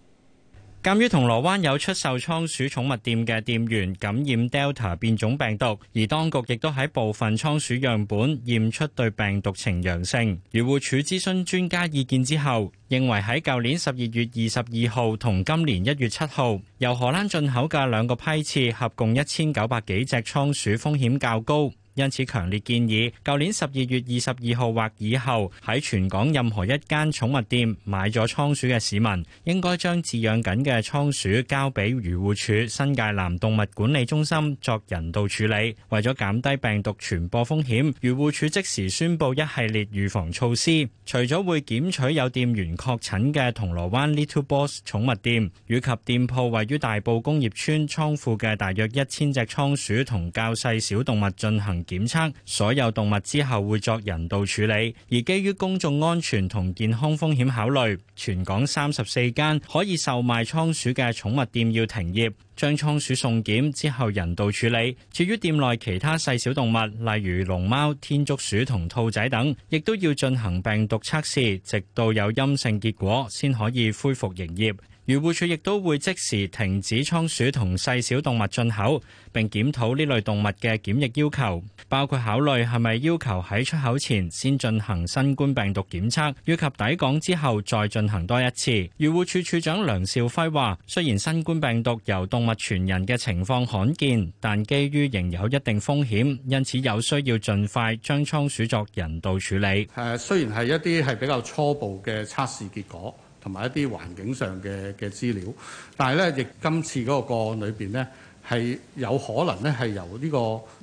鑒於銅鑼灣有出售倉鼠寵物店嘅店員感染 Delta 變種病毒，而當局亦都喺部分倉鼠樣本驗出對病毒呈陽性。漁護署諮詢專家意見之後，認為喺舊年十二月二十二號同今年一月七號由荷蘭進口嘅兩個批次合共一千九百幾隻倉鼠風險較高。因此，強烈建議，舊年十二月二十二號或以後喺全港任何一間寵物店買咗倉鼠嘅市民，應該將飼養緊嘅倉鼠交俾漁護署新界南動物管理中心作人道處理。為咗減低病毒傳播風險，漁護署即時宣布一系列預防措施，除咗會檢取有店員確診嘅銅鑼灣 Little Boss 寵物店以及店鋪位於大埔工業村倉庫嘅大約一千隻倉鼠同較細小，小動物進行。檢測所有動物之後會作人道處理，而基於公眾安全同健康風險考慮，全港三十四間可以售賣倉鼠嘅寵物店要停業，將倉鼠送檢之後人道處理。至於店內其他細小動物，例如龍貓、天竺鼠同兔仔等，亦都要進行病毒測試，直到有陰性結果先可以恢復營業。漁護署亦都會即時停止倉鼠同細小，小動物進口，並檢討呢類動物嘅檢疫要求，包括考慮係咪要求喺出口前先進行新冠病毒檢測，以及抵港之後再進行多一次。漁護署署長梁少輝話：雖然新冠病毒由動物傳人嘅情況罕見，但基於仍有一定風險，因此有需要盡快將倉鼠作人道處理。誒、啊，雖然係一啲係比較初步嘅測試結果。同埋一啲環境上嘅嘅資料，但係咧，亦今次嗰個個案裏邊呢，係有可能咧係由呢個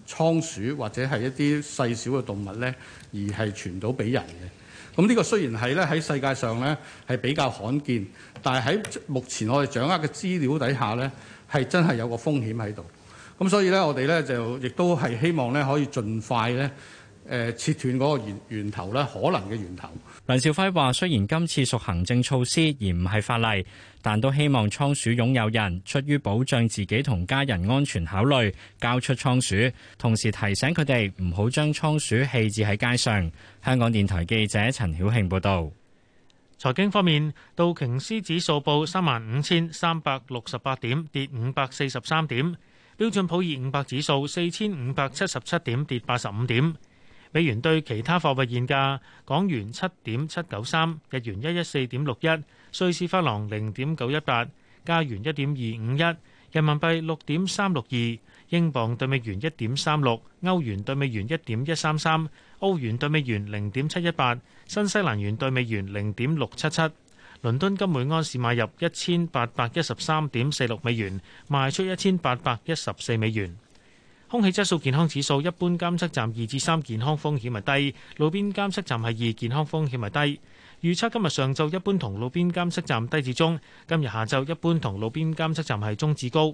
倉鼠或者係一啲細小嘅動物咧而係傳到俾人嘅。咁、嗯、呢、呢個雖然係咧喺世界上咧係比較罕見，但係喺目前我哋掌握嘅資料底下咧係真係有個風險喺度。咁、嗯、所以咧，我哋咧就亦都係希望咧可以盡快咧。誒切斷嗰個源源頭咧，可能嘅源頭。梁兆輝話：雖然今次屬行政措施而唔係法例，但都希望倉鼠擁有人出於保障自己同家人安全考慮，交出倉鼠。同時提醒佢哋唔好將倉鼠棄置喺街上。香港電台記者陳曉慶報道：「財經方面，道瓊斯指數報三萬五千三百六十八點，跌五百四十三點；標準普爾五百指數四千五百七十七點，跌八十五點。美元兌其他貨幣現價：港元七點七九三，日元一一四點六一，瑞士法郎零點九一八，加元一點二五一，人民幣六點三六二，英鎊對美元一點三六，歐元對美元一點一三三，歐元對美元零點七一八，新西蘭元對美元零點六七七。倫敦金每安士買入一千八百一十三點四六美元，賣出一千八百一十四美元。空氣質素健康指數一般監測站二至三，健康風險係低；路邊監測站係二，健康風險係低。預測今日上晝一般同路邊監測站低至中，今日下晝一般同路邊監測站係中至高。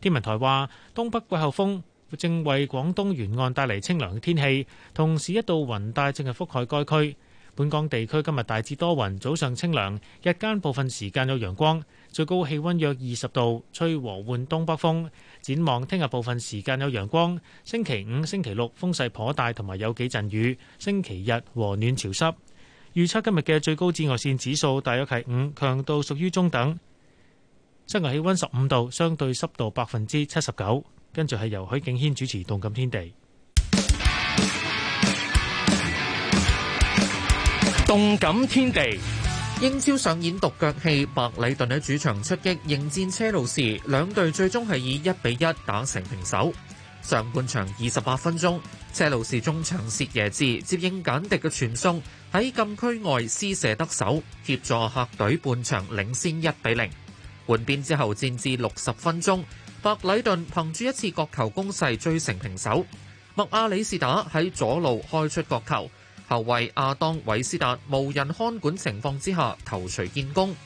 天文台話，東北季候風正為廣東沿岸帶嚟清涼嘅天氣，同時一道雲帶正係覆蓋該區。本港地區今日大致多雲，早上清涼，日間部分時間有陽光。最高氣溫約二十度，吹和緩東北風。展望聽日部分時間有陽光，星期五、星期六風勢頗大，同埋有幾陣雨。星期日和暖潮濕。預測今日嘅最高紫外線指數大約係五，強度屬於中等。室外氣溫十五度，相對濕度百分之七十九。跟住係由許景軒主持《動感天地》。《動感天地》英超上演獨腳戲，白里頓喺主場出擊，迎戰車路士。兩隊最終係以一比一打成平手。上半場二十八分鐘，車路士中場薛耶治接應簡迪嘅傳送，喺禁區外施射得手，協助客隊半場領先一比零。換邊之後戰至六十分鐘，白里頓憑住一次角球攻勢追成平手。麥亞里士達喺左路開出角球。後衛阿當韋斯達無人看管情況之下頭槌建功，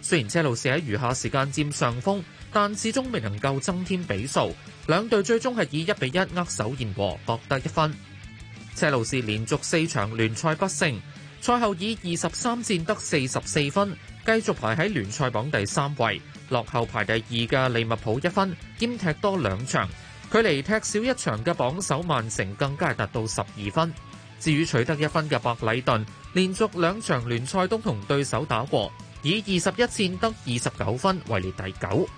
雖然車路士喺餘下時間佔上風，但始終未能夠增添比數。兩隊最終係以一比一握手言和，各得一分。車路士連續四場聯賽不勝，賽後以二十三戰得四十四分，繼續排喺聯賽榜第三位，落後排第二嘅利物浦一分，兼踢多兩場，距離踢少一場嘅榜首曼城更加係達到十二分。至於取得一分嘅白禮頓，連續兩場聯賽都同對手打過，以二十一戰得二十九分位列第九。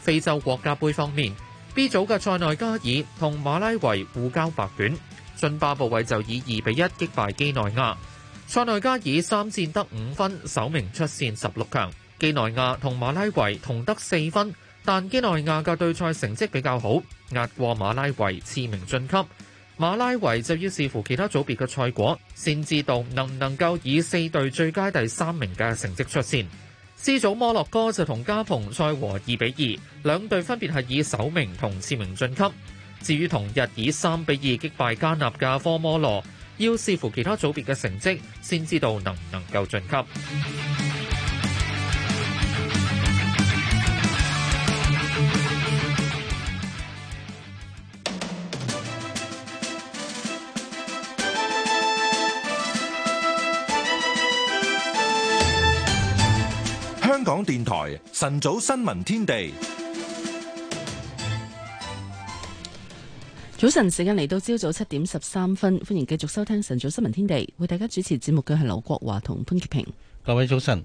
非洲國家杯方面，B 組嘅塞內加爾同馬拉維互交白卷，津巴布韋就以二比一擊敗基內亞。塞內加爾三戰得五分，首名出線十六強。基內亞同馬拉維同得四分，但基內亞嘅對賽成績比較好，壓過馬拉維次名晉級。馬拉維就要視乎其他組別嘅賽果，先知道能唔能夠以四隊最佳第三名嘅成績出線。C 組摩洛哥就同加蓬賽和二比二，兩隊分別係以首名同次名晉級。至於同日以三比二擊敗加納嘅科摩羅，要視乎其他組別嘅成績，先知道能唔能夠晉級。香港電台晨早新聞天地，早晨時間嚟到朝早七點十三分，歡迎繼續收聽晨早新聞天地，為大家主持節目嘅係劉國華同潘潔平。各位早晨，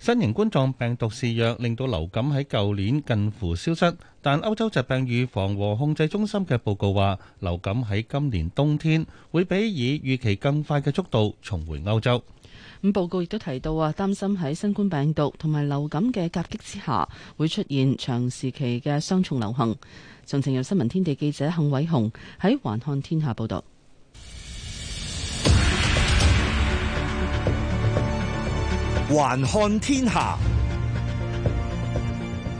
新型冠狀病毒肆虐令到流感喺舊年近乎消失，但歐洲疾病預防和控制中心嘅報告話，流感喺今年冬天會比以預期更快嘅速度重回歐洲。咁報告亦都提到啊，擔心喺新冠病毒同埋流感嘅夾擊之下，會出現長時期嘅雙重流行。詳情由新聞天地記者幸偉雄喺環看天下報導。環看天下。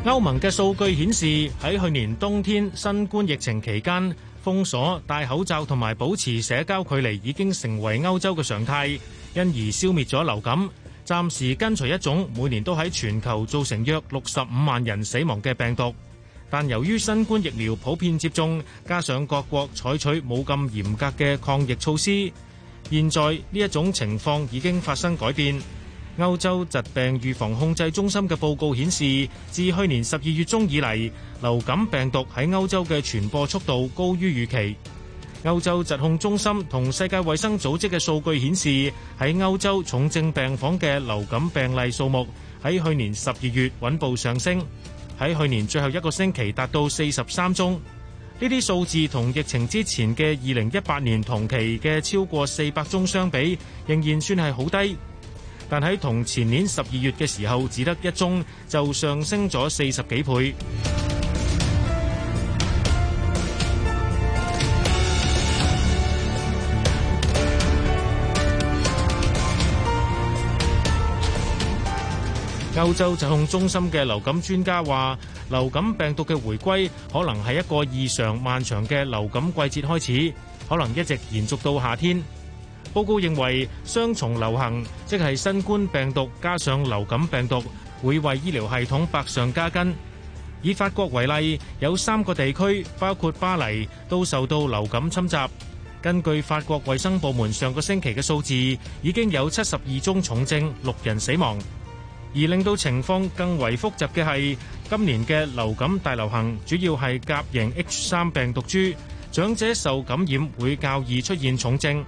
歐盟嘅數據顯示，喺去年冬天新冠疫情期間，封鎖、戴口罩同埋保持社交距離已經成為歐洲嘅常態。因而消滅咗流感，暫時跟隨一種每年都喺全球造成約六十五萬人死亡嘅病毒。但由於新冠疫苗普遍接種，加上各國採取冇咁嚴格嘅抗疫措施，現在呢一種情況已經發生改變。歐洲疾病預防控制中心嘅報告顯示，自去年十二月中以嚟，流感病毒喺歐洲嘅傳播速度高於預期。歐洲疾控中心同世界衛生組織嘅數據顯示，喺歐洲重症病房嘅流感病例數目喺去年十二月穩步上升，喺去年最後一個星期達到四十三宗。呢啲數字同疫情之前嘅二零一八年同期嘅超過四百宗相比，仍然算係好低。但喺同前年十二月嘅時候，只得一宗，就上升咗四十幾倍。歐洲疾控中心嘅流感專家話，流感病毒嘅回歸可能係一個異常漫長嘅流感季節開始，可能一直延續到夏天。報告認為，雙重流行即係新冠病毒加上流感病毒，會為醫療系統百上加斤。以法國為例，有三個地區包括巴黎都受到流感侵襲。根據法國衛生部門上個星期嘅數字，已經有七十二宗重症，六人死亡。而令到情況更為複雜嘅係，今年嘅流感大流行主要係甲型 H3 病毒株，長者受感染會較易出現重症。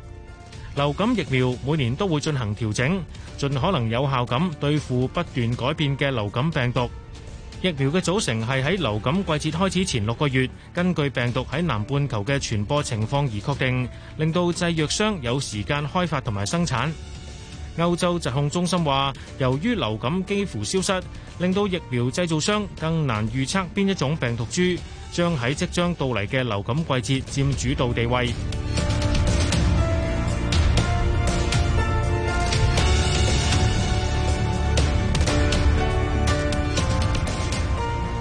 流感疫苗每年都會進行調整，盡可能有效咁對付不斷改變嘅流感病毒。疫苗嘅組成係喺流感季節開始前六個月，根據病毒喺南半球嘅傳播情況而確定，令到製藥商有時間開發同埋生產。歐洲疾控中心話，由於流感幾乎消失，令到疫苗製造商更難預測邊一種病毒株將喺即將到嚟嘅流感季節佔主導地位。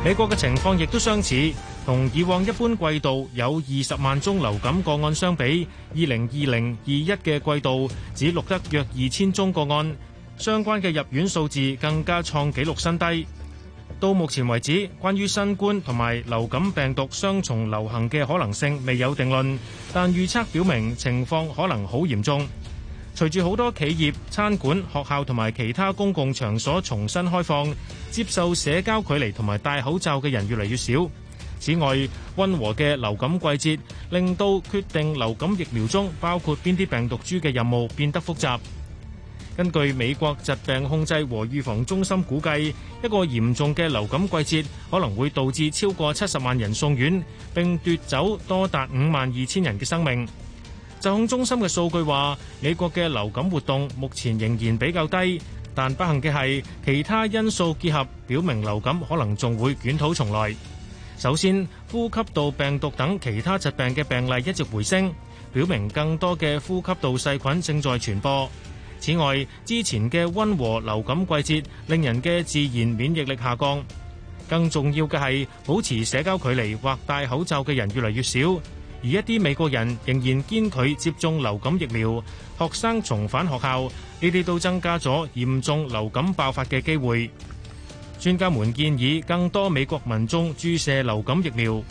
美國嘅情況亦都相似。同以往一般季度有二十萬宗流感個案相比，二零二零二一嘅季度只錄得約二千宗個案，相關嘅入院數字更加創紀錄新低。到目前為止，關於新冠同埋流感病毒雙重流行嘅可能性未有定論，但預測表明情況可能好嚴重。隨住好多企業、餐館、學校同埋其他公共場所重新開放，接受社交距離同埋戴口罩嘅人越嚟越少。此外，溫和嘅流感季節令到決定流感疫苗中包括邊啲病毒株嘅任務變得複雜。根據美國疾病控制和預防中心估計，一個嚴重嘅流感季節可能會導致超過七十萬人送院，並奪走多達五萬二千人嘅生命。疾控中心嘅數據話，美國嘅流感活動目前仍然比較低，但不幸嘅係其他因素結合，表明流感可能仲會捲土重來。首先，呼吸道病毒等其他疾病嘅病例一直回升，表明更多嘅呼吸道細菌正在傳播。此外，之前嘅溫和流感季節令人嘅自然免疫力下降。更重要嘅係保持社交距離或戴口罩嘅人越嚟越少，而一啲美國人仍然堅拒接種流感疫苗。學生重返學校，呢啲都增加咗嚴重流感爆發嘅機會。專家們建議更多美國民眾注射流感疫苗。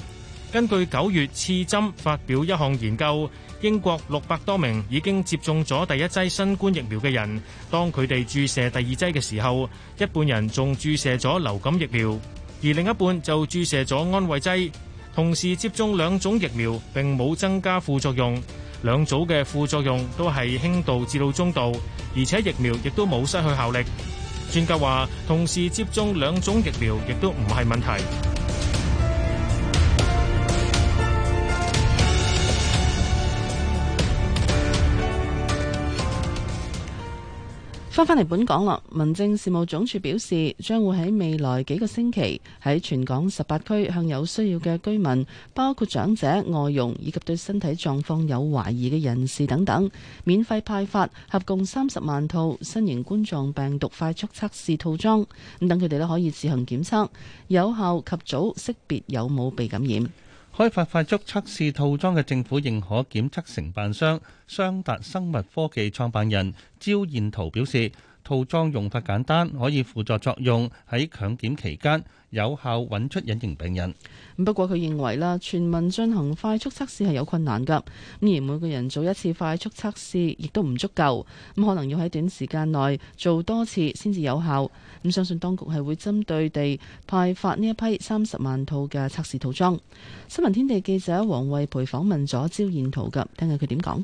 根據九月刺針發表一項研究，英國六百多名已經接種咗第一劑新冠疫苗嘅人，當佢哋注射第二劑嘅時候，一半人仲注射咗流感疫苗，而另一半就注射咗安慰劑。同時接種兩種疫苗並冇增加副作用，兩組嘅副作用都係輕度至到中度，而且疫苗亦都冇失去效力。專家話，同時接種兩種疫苗亦都唔係問題。返返嚟本港啦，民政事務總署表示，將會喺未來幾個星期喺全港十八區向有需要嘅居民，包括長者、外傭以及對身體狀況有懷疑嘅人士等等，免費派發合共三十萬套新型冠狀病毒快速測試套裝，咁等佢哋都可以自行檢測，有效及早識別有冇被感染。開發快速測試套裝嘅政府認可檢測承辦商雙達生物科技創辦人焦燕圖表示，套裝用法簡單，可以輔助作用喺強檢期間有效揾出隱形病人。不過佢認為啦，全民進行快速測試係有困難㗎。而每個人做一次快速測試亦都唔足夠，咁可能要喺短時間內做多次先至有效。咁相信當局係會針對地派發呢一批三十萬套嘅測試套裝。新聞天地記者王慧培訪問咗招現圖噶，聽下佢點講。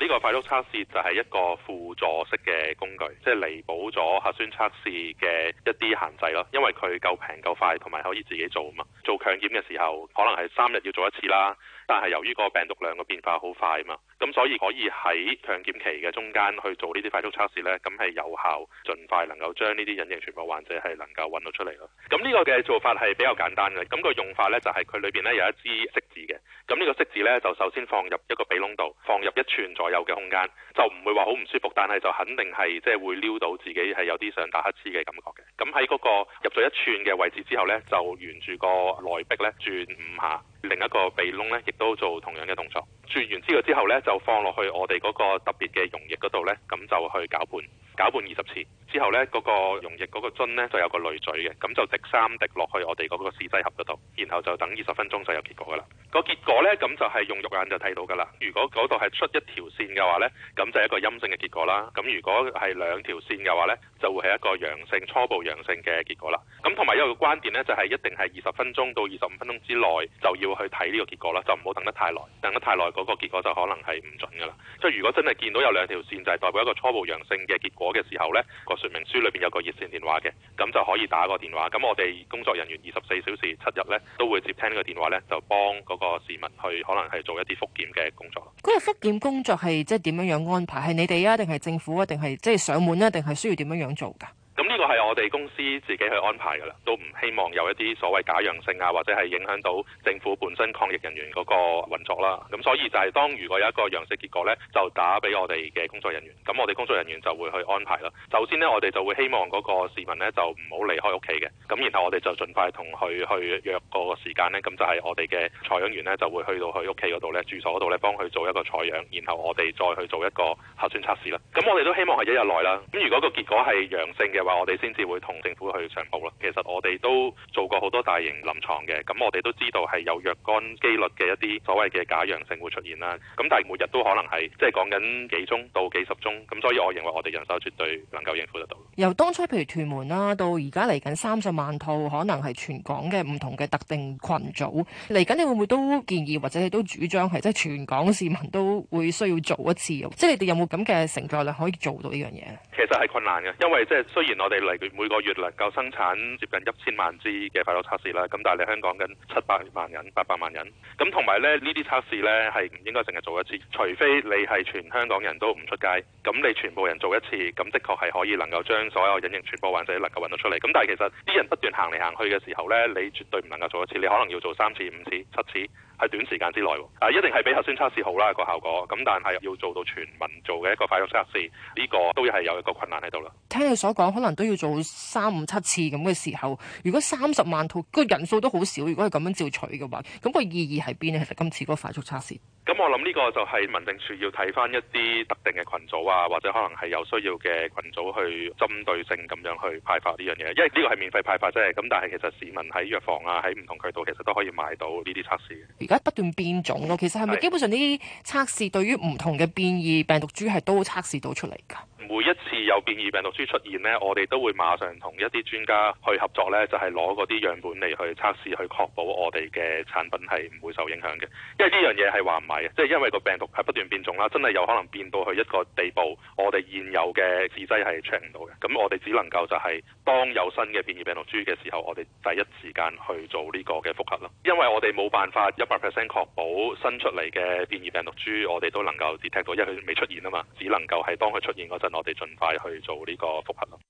呢個快速測試就係一個輔助式嘅工具，即係彌補咗核酸測試嘅一啲限制咯。因為佢夠平、夠快，同埋可以自己做嘛。做強檢嘅時候，可能係三日要做一次啦。但係由於個病毒量嘅變化好快啊嘛，咁所以可以喺強檢期嘅中間去做呢啲快速測試呢，咁係有效、盡快能夠將呢啲隱形傳播患者係能夠揾到出嚟咯。咁呢個嘅做法係比較簡單嘅，咁個用法呢，就係佢裏邊呢有一支拭子嘅，咁呢個拭子呢，就首先放入一個鼻窿度，放入一寸左右嘅空間，就唔會話好唔舒服，但係就肯定係即係會撩到自己係有啲想打乞嗤嘅感覺嘅。咁喺嗰個入咗一寸嘅位置之後呢，就沿住個內壁呢轉五下。另一個鼻窿咧，亦都做同樣嘅動作。轉完之後之後咧，就放落去我哋嗰個特別嘅溶液嗰度咧，咁就去攪拌。攪拌二十次之後呢，嗰個溶液嗰個樽呢，就有個淚嘴嘅，咁就滴三滴落去我哋嗰個試劑盒嗰度，然後就等二十分鐘就有結果噶啦。個結果呢，咁就係用肉眼就睇到噶啦。如果嗰度係出一條線嘅話呢，咁就係一個陰性嘅結果啦。咁如果係兩條線嘅話呢，就會係一個陽性、初步陽性嘅結果啦。咁同埋一個關鍵呢，就係一定係二十分鐘到二十五分鐘之內就要去睇呢個結果啦，就唔好等得太耐。等得太耐，嗰個結果就可能係唔準噶啦。即係如果真係見到有兩條線，就係代表一個初步陽性嘅結果。嘅時候呢個說明書裏邊有個熱線電話嘅，咁就可以打個電話。咁我哋工作人員二十四小時七日呢都會接聽呢個電話呢，就幫嗰個市民去可能係做一啲復檢嘅工作。嗰個復檢工作係即係點樣樣安排？係你哋啊，定係政府啊，定係即係上門啊，定係需要點樣樣做㗎？咁呢個係我哋公司自己去安排嘅啦，都唔希望有一啲所謂假陽性啊，或者係影響到政府本身抗疫人員嗰個運作啦。咁所以就係當如果有一個陽性結果呢，就打俾我哋嘅工作人員。咁我哋工作人員就會去安排啦。首先呢，我哋就會希望嗰個市民呢，就唔好離開屋企嘅。咁然後我哋就盡快同佢去約個時間呢。咁就係我哋嘅採樣員呢，就會去到佢屋企嗰度呢，住所嗰度呢，幫佢做一個採樣，然後我哋再去做一個核酸測試啦。咁我哋都希望係一日內啦。咁如果個結果係陽性嘅話，我哋先至會同政府去上報咯。其實我哋都做過好多大型臨床嘅，咁我哋都知道係有若干機率嘅一啲所謂嘅假陽性會出現啦。咁但係每日都可能係即係講緊幾宗到幾十宗，咁所以我認為我哋人手絕對能夠應付得到。由當初譬如屯門啦，到而家嚟緊三十萬套，可能係全港嘅唔同嘅特定群組，嚟緊你會唔會都建議或者你都主張係即係全港市民都會需要做一次？即係你哋有冇咁嘅承載力，可以做到呢樣嘢？其實係困難嘅，因為即係需要。我哋嚟每個月能夠生產接近一千萬支嘅快速測試啦，咁但係你香港緊七百萬人，八百萬人，咁同埋咧呢啲測試呢，係唔應該淨係做一次，除非你係全香港人都唔出街，咁你全部人做一次，咁的確係可以能夠將所有隱形傳播患者能夠揾到出嚟。咁但係其實啲人不斷行嚟行去嘅時候呢，你絕對唔能夠做一次，你可能要做三次、五次、七次。喺短時間之內，啊，一定係比核酸測試好啦個效果。咁但係要做到全民做嘅一個快速測試，呢個都係有一個困難喺度啦。聽你所講，可能都要做三五七次咁嘅時候，如果三十萬套個人數都好少，如果係咁樣照取嘅話，咁個意義係邊咧？其實今次嗰個快速測試。咁、嗯、我諗呢個就係民政處要睇翻一啲特定嘅群組啊，或者可能係有需要嘅群組去針對性咁樣去派發呢樣嘢，因為呢個係免費派發啫。咁但係其實市民喺藥房啊，喺唔同渠道其實都可以買到呢啲測試。而家不斷變種囉，其實係咪基本上呢啲測試對於唔同嘅變異病毒株係都測試到出嚟㗎？每一次有變異病毒株出現呢，我哋都會馬上同一啲專家去合作呢，就係攞嗰啲樣本嚟去測試，去確保我哋嘅產品係唔會受影響嘅。因為呢樣嘢係話唔埋嘅，即係因為個病毒係不斷變種啦，真係有可能變到去一個地步，我哋現有嘅試劑係 check 唔到嘅。咁我哋只能夠就係當有新嘅變異病毒株嘅時候，我哋第一時間去做呢個嘅複核咯。因為我哋冇辦法一百 percent 確保新出嚟嘅變異病毒株，我哋都能夠 detect 到，因為佢未出現啊嘛，只能夠係當佢出現嗰陣。我哋盡快去做呢個複核咯。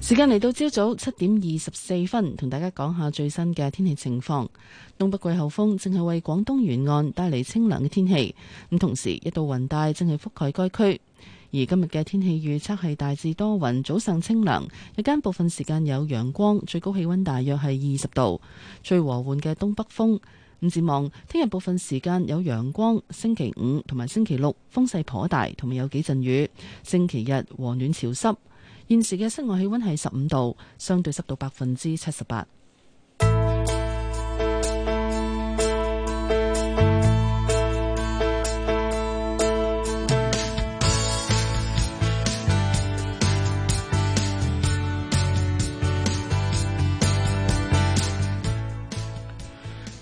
時間嚟到朝早七點二十四分，同大家講下最新嘅天氣情況。東北季候風正係為廣東沿岸帶嚟清涼嘅天氣，咁同時一道雲帶正係覆蓋該區。而今日嘅天氣預測係大致多雲，早上清涼，日間部分時間有陽光，最高氣溫大約係二十度，最和緩嘅東北風。五展望，聽日部分時間有陽光，星期五同埋星期六風勢頗大，同埋有幾陣雨，星期日和暖潮濕。現時嘅室外氣溫係十五度，相對濕度百分之七十八。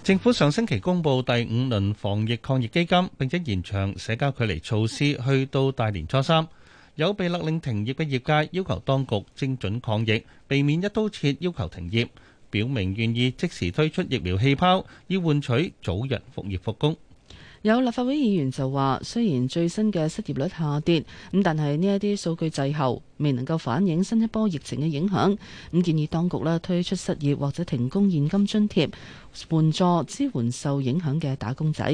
政府上星期公布第五輪防疫抗疫基金，並且延長社交距離措施去到大年初三。有被勒令停業嘅業界要求當局精準抗疫，避免一刀切要求停業，表明願意即時推出疫苗氣泡，以換取早日復業復工。有立法會議員就話：雖然最新嘅失業率下跌，咁但係呢一啲數據滯後，未能夠反映新一波疫情嘅影響。咁建議當局咧推出失業或者停工現金津貼，援助支援受影響嘅打工仔。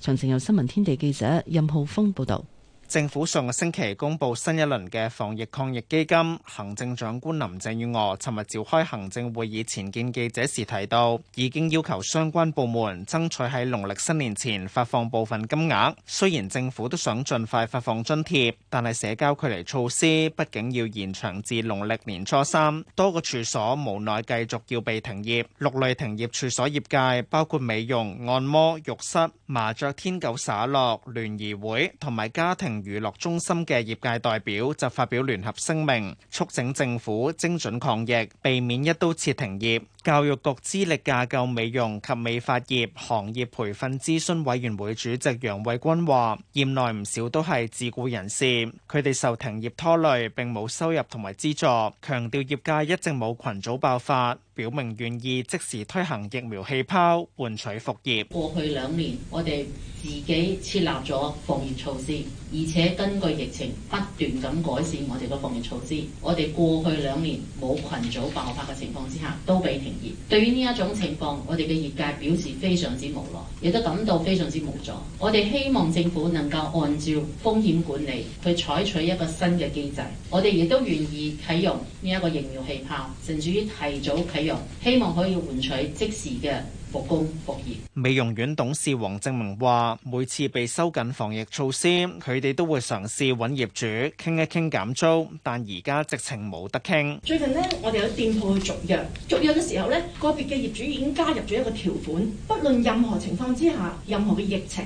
詳情由新聞天地記者任浩峰報導。政府上個星期公布新一輪嘅防疫抗疫基金，行政長官林鄭月娥尋日召開行政會議前見記者時提到，已經要求相關部門爭取喺農曆新年前發放部分金額。雖然政府都想盡快發放津貼，但係社交距離措施畢竟要延長至農曆年初三，多個處所無奈繼續要被停業。六類停業處所業界包括美容、按摩、浴室、麻雀、天九耍樂、聯誼會同埋家庭娛樂中心嘅業界代表就發表聯合聲明，促請政府精準抗疫，避免一刀切停業。教育局資歷架構美容及美髮業行業培訓諮詢委員會主席楊偉君話，業內唔少都係自僱人士，佢哋受停業拖累，並冇收入同埋資助。強調業界一直冇群組爆發，表明願意即時推行疫苗氣泡，換取復業。過去兩年，我哋自己設立咗防疫措施，而且根據疫情不斷咁改善我哋個防疫措施。我哋過去兩年冇群組爆發嘅情況之下，都被停。對於呢一種情況，我哋嘅業界表示非常之無奈，亦都感到非常之無助。我哋希望政府能夠按照風險管理去採取一個新嘅機制，我哋亦都願意啟用呢一個疫苗氣泡，甚至於提早啟用，希望可以換取即時嘅復工復業，美容院董事王正明話：每次被收緊防疫措施，佢哋都會嘗試揾業主傾一傾減租，但而家直情冇得傾。最近呢，我哋有店鋪去續約，續約嘅時候呢，個別嘅業主已經加入咗一個條款，不論任何情況之下，任何嘅疫情。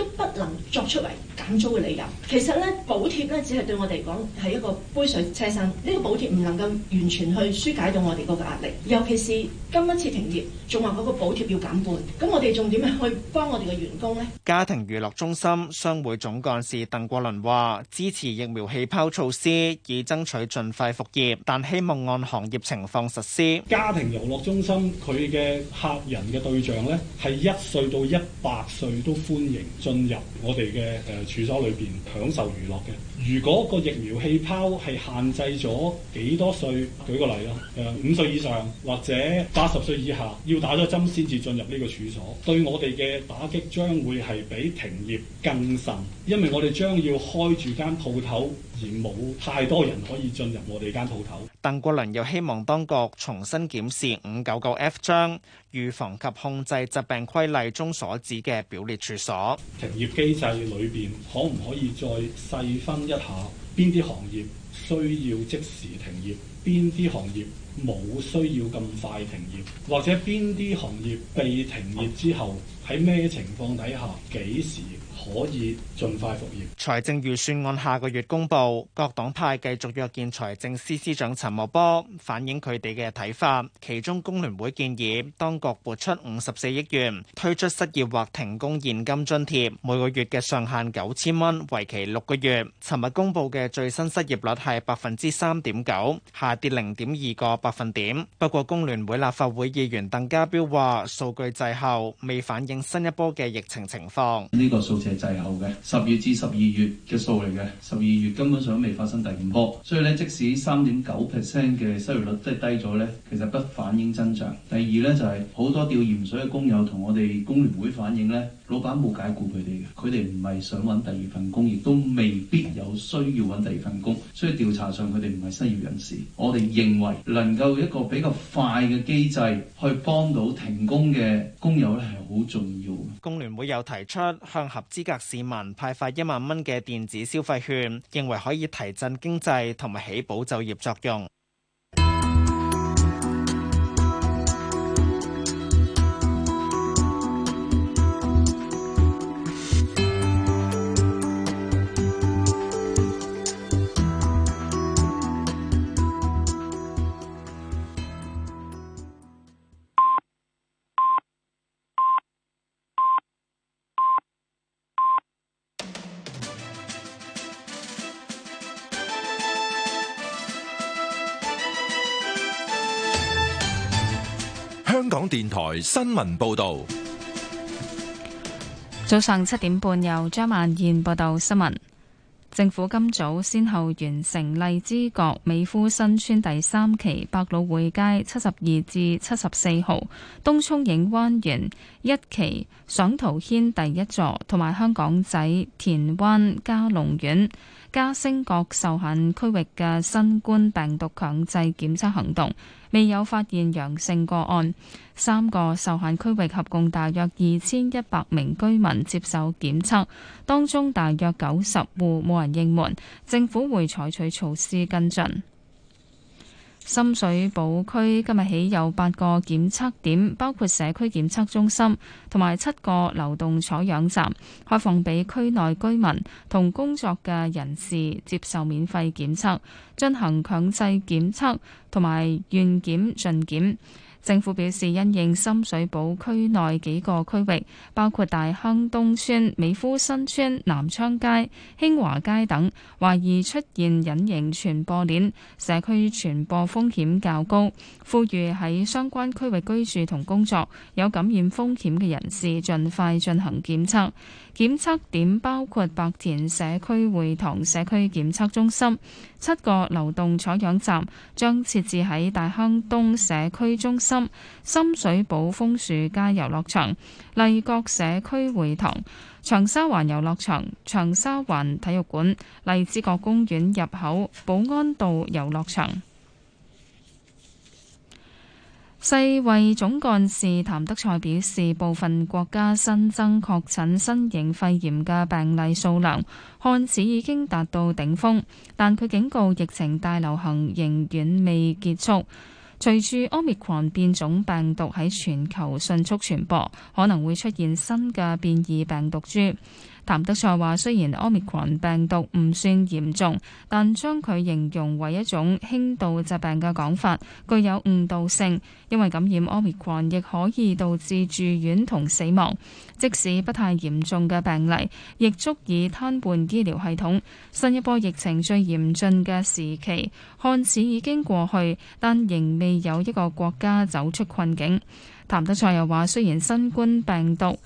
都不能作出為減租嘅理由。其實咧，補貼咧只係對我哋講係一個杯水車薪。呢個補貼唔能夠完全去舒解到我哋嗰個壓力。尤其是今一次停業，仲話嗰個補貼要減半，咁我哋仲點樣去幫我哋嘅員工呢？家庭娛樂中心商會總幹事鄧國麟話：支持疫苗氣泡措施，以爭取盡快復業，但希望按行業情況實施。家庭娛樂中心佢嘅客人嘅對象咧係一歲到一百歲都歡迎。進入我哋嘅誒處所裏邊享受娛樂嘅，如果個疫苗氣泡係限制咗幾多歲？舉個例啦，誒五歲以上或者八十歲以下要打咗針先至進入呢個處所，對我哋嘅打擊將會係比停業更甚，因為我哋將要開住間鋪頭。而冇太多人可以進入我哋間鋪頭鄧國倫又希望當局重新檢視《五九九 F 章預防及控制疾病規例》中所指嘅表列處所停業機制裏邊，可唔可以再細分一下邊啲行業需要即時停業，邊啲行業冇需要咁快停業，或者邊啲行業被停業之後，喺咩情況底下幾時。可以盡快復業。財政預算案下個月公布，各黨派繼續約見財政司司長陳茂波，反映佢哋嘅睇法。其中工聯會建議當局撥出五十四億元，推出失業或停工現金津貼，每個月嘅上限九千蚊，為期六個月。尋日公布嘅最新失業率係百分之三點九，下跌零點二個百分點。不過工聯會立法會議員鄧家彪話，數據滯後，未反映新一波嘅疫情情況。呢個數係滯後嘅，十月至十二月嘅數嚟嘅，十二月根本上未發生第二波，所以咧即使三點九 percent 嘅失業率即係低咗咧，其實不反映增長。第二咧就係、是、好多吊鹽水嘅工友同我哋工聯會反映咧。老闆冇解雇佢哋嘅，佢哋唔係想揾第二份工，亦都未必有需要揾第二份工，所以調查上佢哋唔係失業人士。我哋認為能夠一個比較快嘅機制去幫到停工嘅工友咧係好重要嘅。工聯會有提出向合資格市民派發一萬蚊嘅電子消費券，認為可以提振經濟同埋起保就業作用。電台新聞報道：早上七點半由，由張曼燕報道新聞。政府今早先後完成荔枝角美孚新村第三期、百老匯街七十二至七十四號、東涌影灣園一期、賞濤軒第一座，同埋香港仔田灣加隆苑、加星角受限區域嘅新冠病毒強制檢測行動。未有發現陽性個案，三個受限區域合共大約二千一百名居民接受檢測，當中大約九十戶冇人應門，政府會採取措施跟進。深水埗區今日起有八個檢測點，包括社區檢測中心同埋七個流動採樣站，開放俾區內居民同工作嘅人士接受免費檢測，進行強制檢測同埋願檢盡檢。政府表示，因應深水埗區內幾個區域，包括大坑東村、美孚新村、南昌街、興華街等，懷疑出現隱形傳播鏈，社區傳播風險較高，呼籲喺相關區域居住同工作有感染風險嘅人士，盡快進行檢測。檢測點包括白田社區會堂社區檢測中心、七個流動採樣站，將設置喺大坑東社區中心、深水埗楓樹街遊樂場、麗閣社區會堂、長沙灣遊樂場、長沙灣體育館、荔枝角公園入口、保安道遊樂場。世衛總幹事譚德塞表示，部分國家新增確診新型肺炎嘅病例數量看似已經達到頂峰，但佢警告疫情大流行仍然未結束，隨住奧密克戎變種病毒喺全球迅速傳播，可能會出現新嘅變異病毒株。譚德塞話：雖然 Omicron 病毒唔算嚴重，但將佢形容為一種輕度疾病嘅講法具有誤導性，因為感染 Omicron 亦可以導致住院同死亡。即使不太嚴重嘅病例，亦足以癱瘓醫療系統。新一波疫情最嚴峻嘅時期看似已經過去，但仍未有一個國家走出困境。譚德塞又話：雖然新冠病毒，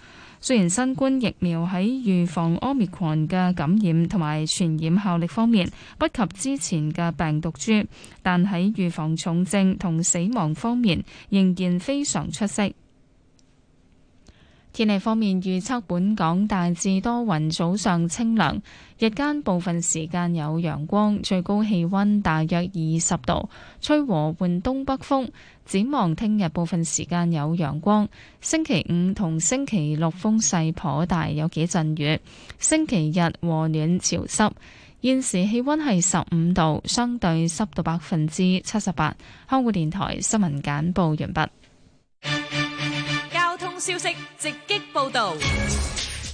雖然新冠疫苗喺預防 Omicron 嘅感染同埋傳染效力方面不及之前嘅病毒株，但喺預防重症同死亡方面仍然非常出色。天氣方面預測，本港大致多雲，早上清涼，日間部分時間有陽光，最高氣溫大約二十度，吹和緩東北風。展望聽日部分時間有陽光，星期五同星期六風勢頗大，有幾陣雨。星期日和暖潮濕。現時氣溫係十五度，相對濕度百分之七十八。香港電台新聞簡報完畢。消息直擊報導。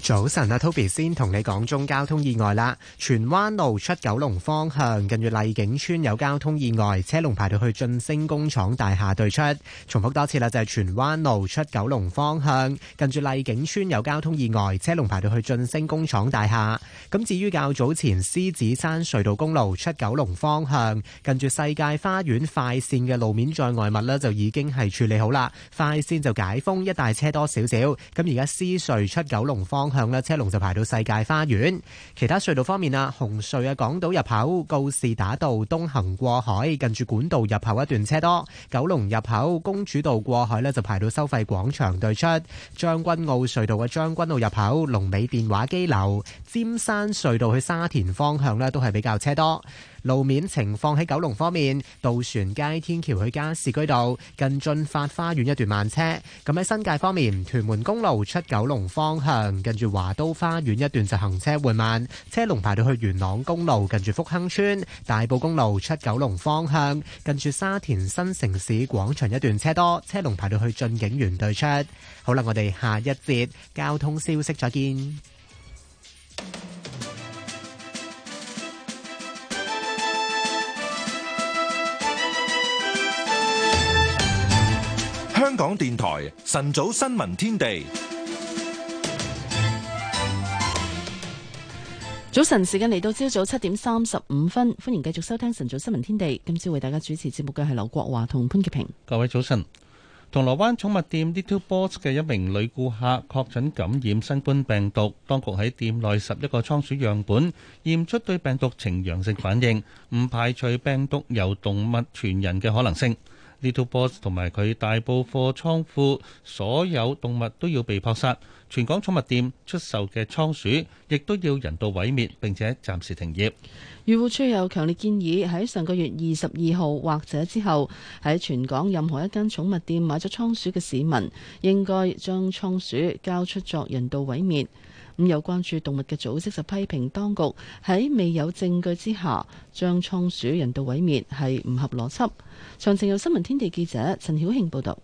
早晨啊，Toby 先同你講中交通意外啦。荃灣路出九龍方向，近住麗景村有交通意外，車龍排到去晉陞工廠大廈對出。重複多次啦，就係荃灣路出九龍方向，近住麗景村有交通意外，車龍排到去晉陞工廠大廈。咁至於較早前獅子山隧道公路出九龍方向，近住世界花園快線嘅路面障礙物呢，就已經係處理好啦。快線就解封，一帶車多少少。咁而家獅隧出九龍方。向啦，車龍就排到世界花園。其他隧道方面啊，紅隧嘅港島入口、告士打道、東行過海，近住管道入口一段車多；九龍入口、公主道過海咧就排到收費廣場對出。將軍澳隧道嘅將軍澳入口、龍尾電話機樓、尖山隧道去沙田方向咧都係比較車多。路面情況喺九龍方面，渡船街天橋去加士居道近俊發花園一段慢車。咁喺新界方面，屯門公路出九龍方向近住華都花園一段就行車緩慢，車龍排到去元朗公路近住福亨村。大埔公路出九龍方向近住沙田新城市廣場一段車多，車龍排到去駿景園對出。好啦，我哋下一節交通消息再見。香港電台晨早新聞天地，早晨時間嚟到朝早七點三十五分，歡迎繼續收聽晨早新聞天地。今朝為大家主持節目嘅係劉國華同潘潔平。各位早晨！銅鑼灣寵物店 Little Boss 嘅一名女顧客確診感染新冠病毒，當局喺店內十一個倉鼠樣本驗出對病毒呈陽性反應，唔排除病毒由動物傳人嘅可能性。Little Boss 同埋佢大部貨倉庫所有動物都要被撲殺，全港寵物店出售嘅倉鼠亦都要人道毀滅，並且暫時停業。漁護處又強烈建議喺上個月二十二號或者之後，喺全港任何一間寵物店買咗倉鼠嘅市民，應該將倉鼠交出作人道毀滅。咁有關注動物嘅組織就批評當局喺未有證據之下將倉鼠人道毀滅係唔合邏輯。詳情由新聞天地記者陳曉慶報導。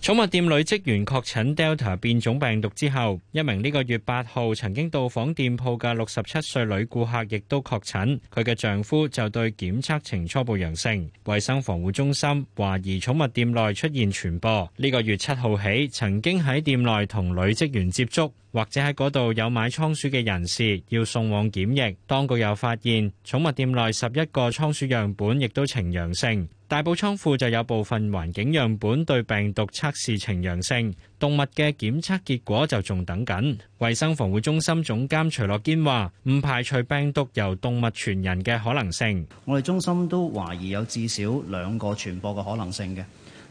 寵物店女職員確診 Delta 變種病毒之後，一名呢個月八號曾經到訪店鋪嘅六十七歲女顧客亦都確診，佢嘅丈夫就對檢測呈初步陽性。衛生防護中心懷疑寵物店內出現傳播。呢個月七號起，曾經喺店內同女職員接觸或者喺嗰度有買倉鼠嘅人士要送往檢疫。當局又發現寵物店內十一個倉鼠樣本亦都呈陽性。大埔倉庫就有部分環境樣本對病毒測試呈陽性，動物嘅檢測結果就仲等緊。衞生防護中心總監徐樂堅話：唔排除病毒由動物傳人嘅可能性。我哋中心都懷疑有至少兩個傳播嘅可能性嘅。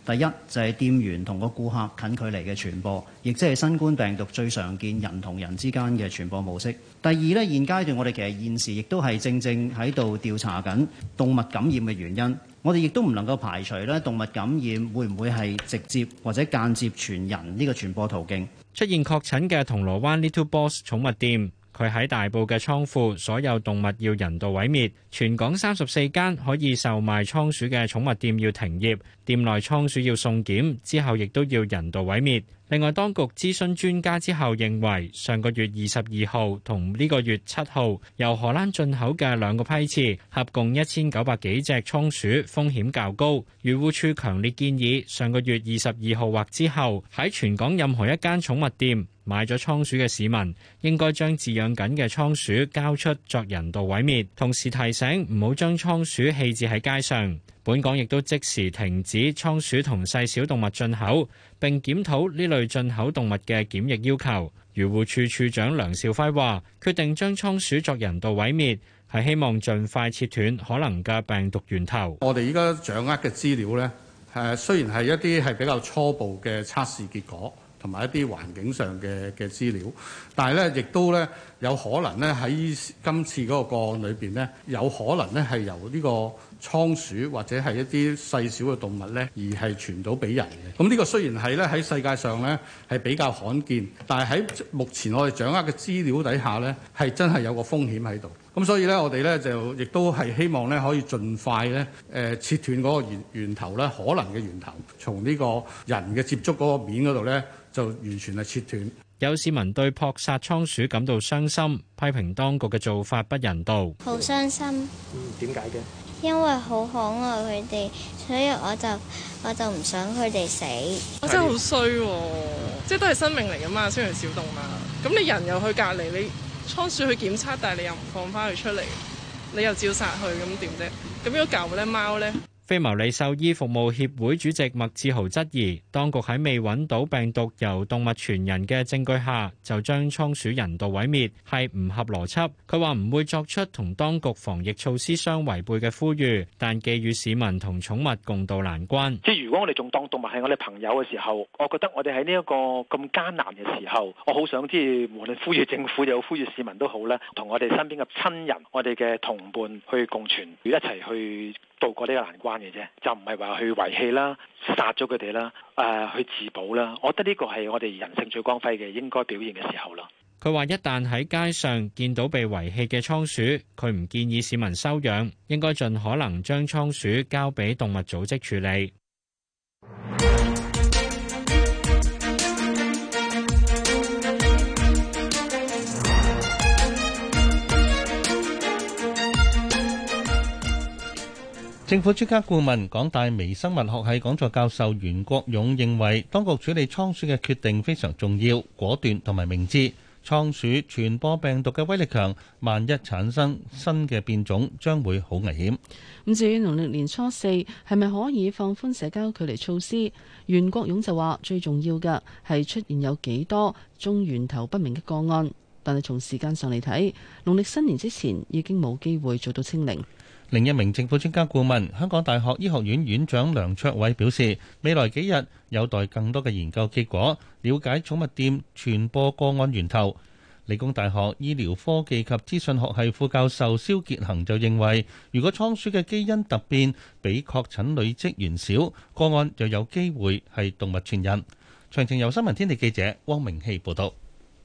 第一就係店員同個顧客近距離嘅傳播，亦即係新冠病毒最常見人同人之間嘅傳播模式。第二呢，現階段我哋其實現時亦都係正正喺度調查緊動物感染嘅原因。我哋亦都唔能夠排除呢，動物感染會唔會係直接或者間接傳人呢個傳播途徑。出現確診嘅銅鑼灣 Little Boss 寵物店。佢喺大埔嘅倉庫，所有動物要人道毀滅。全港三十四間可以售賣倉鼠嘅寵物店要停業，店內倉鼠要送檢，之後亦都要人道毀滅。另外，當局諮詢專家之後認為，上個月二十二號同呢個月七號由荷蘭進口嘅兩個批次，合共一千九百幾隻倉鼠風險較高。漁護處強烈建議，上個月二十二號或之後喺全港任何一間寵物店買咗倉鼠嘅市民，應該將飼養緊嘅倉鼠交出作人道毀滅。同時提醒唔好將倉鼠棄置喺街上。本港亦都即時停止倉鼠同細小動物進口，並檢討呢類進口動物嘅檢疫要求。漁護署署長梁兆輝話，決定將倉鼠作人道毀滅，係希望盡快切斷可能嘅病毒源頭。我哋依家掌握嘅資料呢，誒雖然係一啲係比較初步嘅測試結果，同埋一啲環境上嘅嘅資料，但係呢亦都呢有可能呢喺今次嗰個個案裏邊呢，有可能呢係由呢個。倉鼠或者係一啲細小嘅動物呢，而係傳到俾人嘅。咁呢個雖然係呢喺世界上呢係比較罕見，但係喺目前我哋掌握嘅資料底下呢，係真係有個風險喺度。咁所以呢，我哋呢就亦都係希望呢可以盡快呢誒、呃、切斷嗰個源源頭呢，可能嘅源頭，從呢個人嘅接觸嗰個面嗰度呢，就完全係切斷。有市民對撲殺倉鼠感到傷心，批評當局嘅做法不人道。好傷心。嗯，點解嘅？因為好可愛佢哋，所以我就我就唔想佢哋死。我的真係好衰喎！即係都係生命嚟㗎嘛，雖然係小動物。咁你人又去隔離，你倉鼠去檢測，但係你又唔放翻佢出嚟，你又照殺佢，咁點啫？咁如果狗咧，貓咧？非牟利獸醫服務協會主席麥志豪質疑，當局喺未揾到病毒由動物傳人嘅證據下，就將倉鼠人道毀滅係唔合邏輯。佢話唔會作出同當局防疫措施相違背嘅呼籲，但寄予市民同寵物共度難關。即係如果我哋仲當動物係我哋朋友嘅時候，我覺得我哋喺呢一個咁艱難嘅時候，我好想即係無論呼籲政府又好，呼籲市民都好啦，同我哋身邊嘅親人、我哋嘅同伴去共存，要一齊去。渡過呢個難關嘅啫，就唔係話去遺棄啦、殺咗佢哋啦、誒去自保啦。我覺得呢個係我哋人性最光輝嘅應該表現嘅時候咯。佢話一旦喺街上見到被遺棄嘅倉鼠，佢唔建議市民收養，應該盡可能將倉鼠交俾動物組織處理。政府專家顧問、港大微生物學系講座教授袁國勇認為，當局處理倉鼠嘅決定非常重要、果斷同埋明智。倉鼠傳播病毒嘅威力強，萬一產生新嘅變種，將會好危險。咁至於農曆年初四係咪可以放寬社交距離措施？袁國勇就話：最重要嘅係出現有幾多宗源頭不明嘅個案，但係從時間上嚟睇，農曆新年之前已經冇機會做到清零。另一名政府專家顧問、香港大學醫學院院長梁卓偉表示，未來幾日有待更多嘅研究結果，了解寵物店傳播個案源頭。理工大學醫療科技及資訊學系副教授蕭傑恒就認為，如果倉鼠嘅基因突變比確診累積員少，個案就有機會係動物傳人。詳情由新聞天地記者汪明希報道。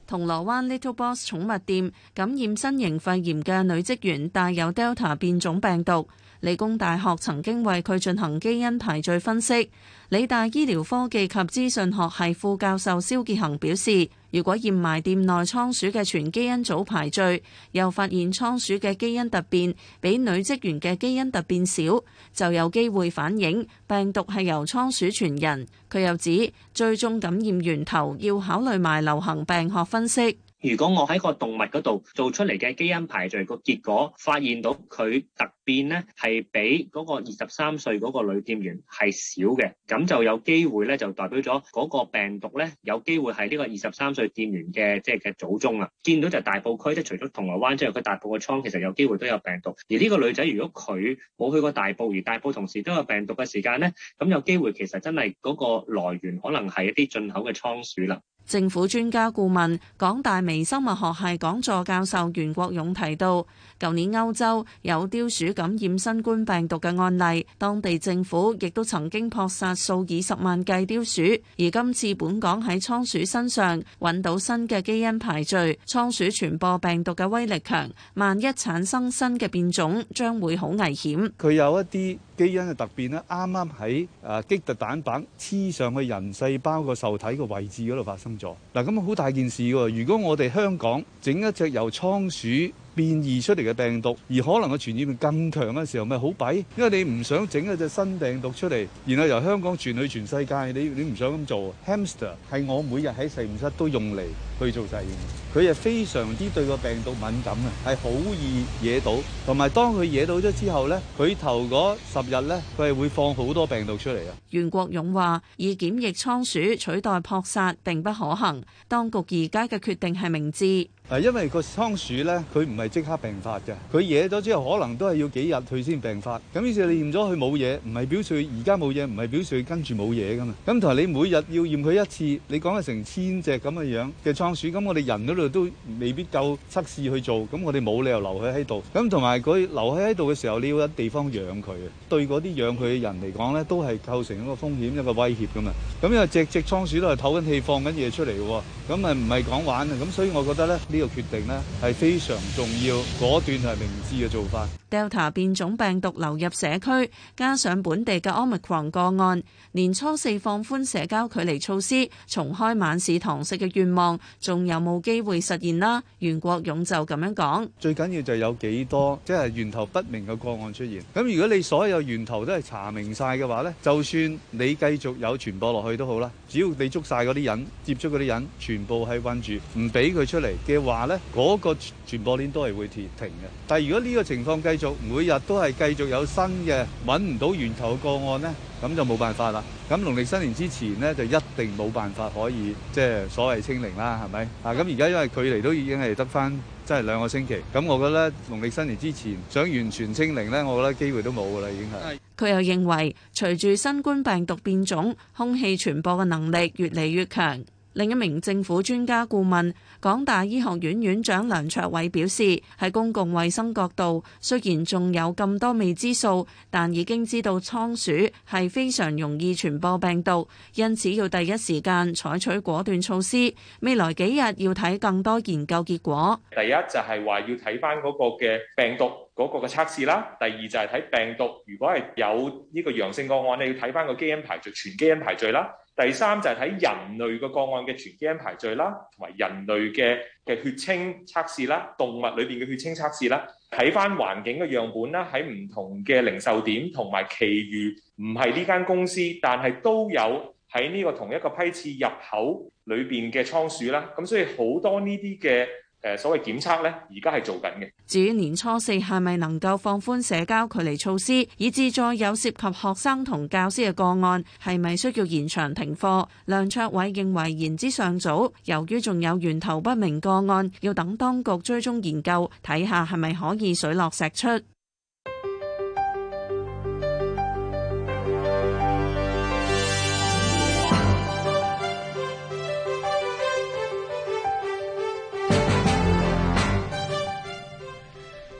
銅鑼灣 Little Boss 寵物店感染新型肺炎嘅女職員帶有 Delta 變種病毒。理工大學曾經為佢進行基因排序分析。理大醫療科技及資訊學系副教授蕭傑恒表示，如果驗埋店內倉鼠嘅全基因組排序，又發現倉鼠嘅基因突變比女職員嘅基因突變少，就有機會反映病毒係由倉鼠傳人。佢又指，最終感染源頭要考慮埋流行病學分析。如果我喺個動物嗰度做出嚟嘅基因排序個結果，發現到佢突變咧，係比嗰個二十三歲嗰個女店員係少嘅，咁就有機會咧，就代表咗嗰個病毒咧，有機會係呢個二十三歲店員嘅即係嘅祖宗啦。見到就大埔區，即係除咗銅鑼灣之外，佢大埔個倉其實有機會都有病毒。而呢個女仔如果佢冇去過大埔，而大埔同時都有病毒嘅時間咧，咁有機會其實真係嗰個來源可能係一啲進口嘅倉鼠啦。政府專家顧問、港大微生物學系講座教授袁國勇提到。舊年歐洲有貂鼠感染新冠病毒嘅案例，當地政府亦都曾經撲殺數以十萬計貂鼠。而今次本港喺倉鼠身上揾到新嘅基因排序，倉鼠傳播病毒嘅威力強，萬一產生新嘅變種，將會好危險。佢有一啲基因嘅突變咧，啱啱喺誒棘突蛋白黐上去人細胞個受體個位置嗰度發生咗。嗱，咁啊好大件事㗎。如果我哋香港整一隻由倉鼠變異出嚟嘅病毒，而可能嘅傳染力更強嘅時候，咪好弊。因為你唔想整一隻新病毒出嚟，然後由香港傳去全世界，你你唔想咁做。Hamster 係我每日喺實驗室都用嚟去做實驗，佢係非常之對個病毒敏感啊，係好易惹到。同埋當佢惹到咗之後呢，佢頭嗰十日呢，佢係會放好多病毒出嚟啊。袁國勇話：以檢疫倉鼠取代撲殺並不可行，當局而家嘅決定係明智。啊，因為個倉鼠咧，佢唔係即刻病發嘅，佢惹咗之後可能都係要幾日佢先病發。咁於是你驗咗佢冇嘢，唔係表示而家冇嘢，唔係表示跟住冇嘢噶嘛。咁同埋你每日要驗佢一次，你講嘅成千隻咁嘅樣嘅倉鼠，咁我哋人嗰度都未必夠測試去做，咁我哋冇理由留佢喺度。咁同埋佢留喺喺度嘅時候，你要有地方養佢，對嗰啲養佢嘅人嚟講咧，都係構成一個風險、一個威脅噶嘛。咁因為隻隻倉鼠都係透緊氣，放緊嘢出嚟喎，咁咪唔係講玩啊。咁所以我覺得咧，呢，個決定呢係非常重要，果斷係明智嘅做法。Delta 變種病毒流入社區，加上本地嘅 Omicron 個案，年初四放寬社交距離措施，重開晚市堂食嘅願望，仲有冇機會實現啦？袁國勇就咁樣講。最緊要就有幾多即係源頭不明嘅個案出現。咁如果你所有源頭都係查明晒嘅話呢，就算你繼續有傳播落去都好啦，只要你捉晒嗰啲人，接觸嗰啲人，全部係困住，唔俾佢出嚟嘅話。話咧，嗰個傳播鏈都係會停停嘅。但係如果呢個情況繼續，每日都係繼續有新嘅揾唔到源頭個案呢，咁就冇辦法啦。咁農曆新年之前呢，就一定冇辦法可以即係所謂清零啦，係咪啊？咁而家因為距離都已經係得返即係兩個星期，咁我覺得農曆新年之前想完全清零呢，我覺得機會都冇噶啦，已經係。佢又認為，隨住新冠病毒變種，空氣傳播嘅能力越嚟越強。另一名政府專家顧問。港大醫學院院長梁卓偉表示：喺公共衛生角度，雖然仲有咁多未知數，但已經知道倉鼠係非常容易傳播病毒，因此要第一時間採取果斷措施。未來幾日要睇更多研究結果。第一就係話要睇翻嗰個嘅病毒嗰個嘅測試啦；第二就係睇病毒，如果係有呢個陽性個案，你要睇翻個基因排序、全基因排序啦；第三就係睇人類個個案嘅全基因排序啦，同埋人類嘅嘅血清測試啦，動物裏邊嘅血清測試啦，睇翻環境嘅樣本啦，喺唔同嘅零售點同埋，其餘唔係呢間公司，但係都有喺呢個同一個批次入口裏邊嘅倉鼠啦。咁所以好多呢啲嘅。誒所謂檢測呢，而家係做緊嘅。至於年初四係咪能夠放寬社交距離措施，以至再有涉及學生同教師嘅個案，係咪需要延長停課？梁卓偉認為言之尚早，由於仲有源頭不明個案，要等當局追蹤研究，睇下係咪可以水落石出。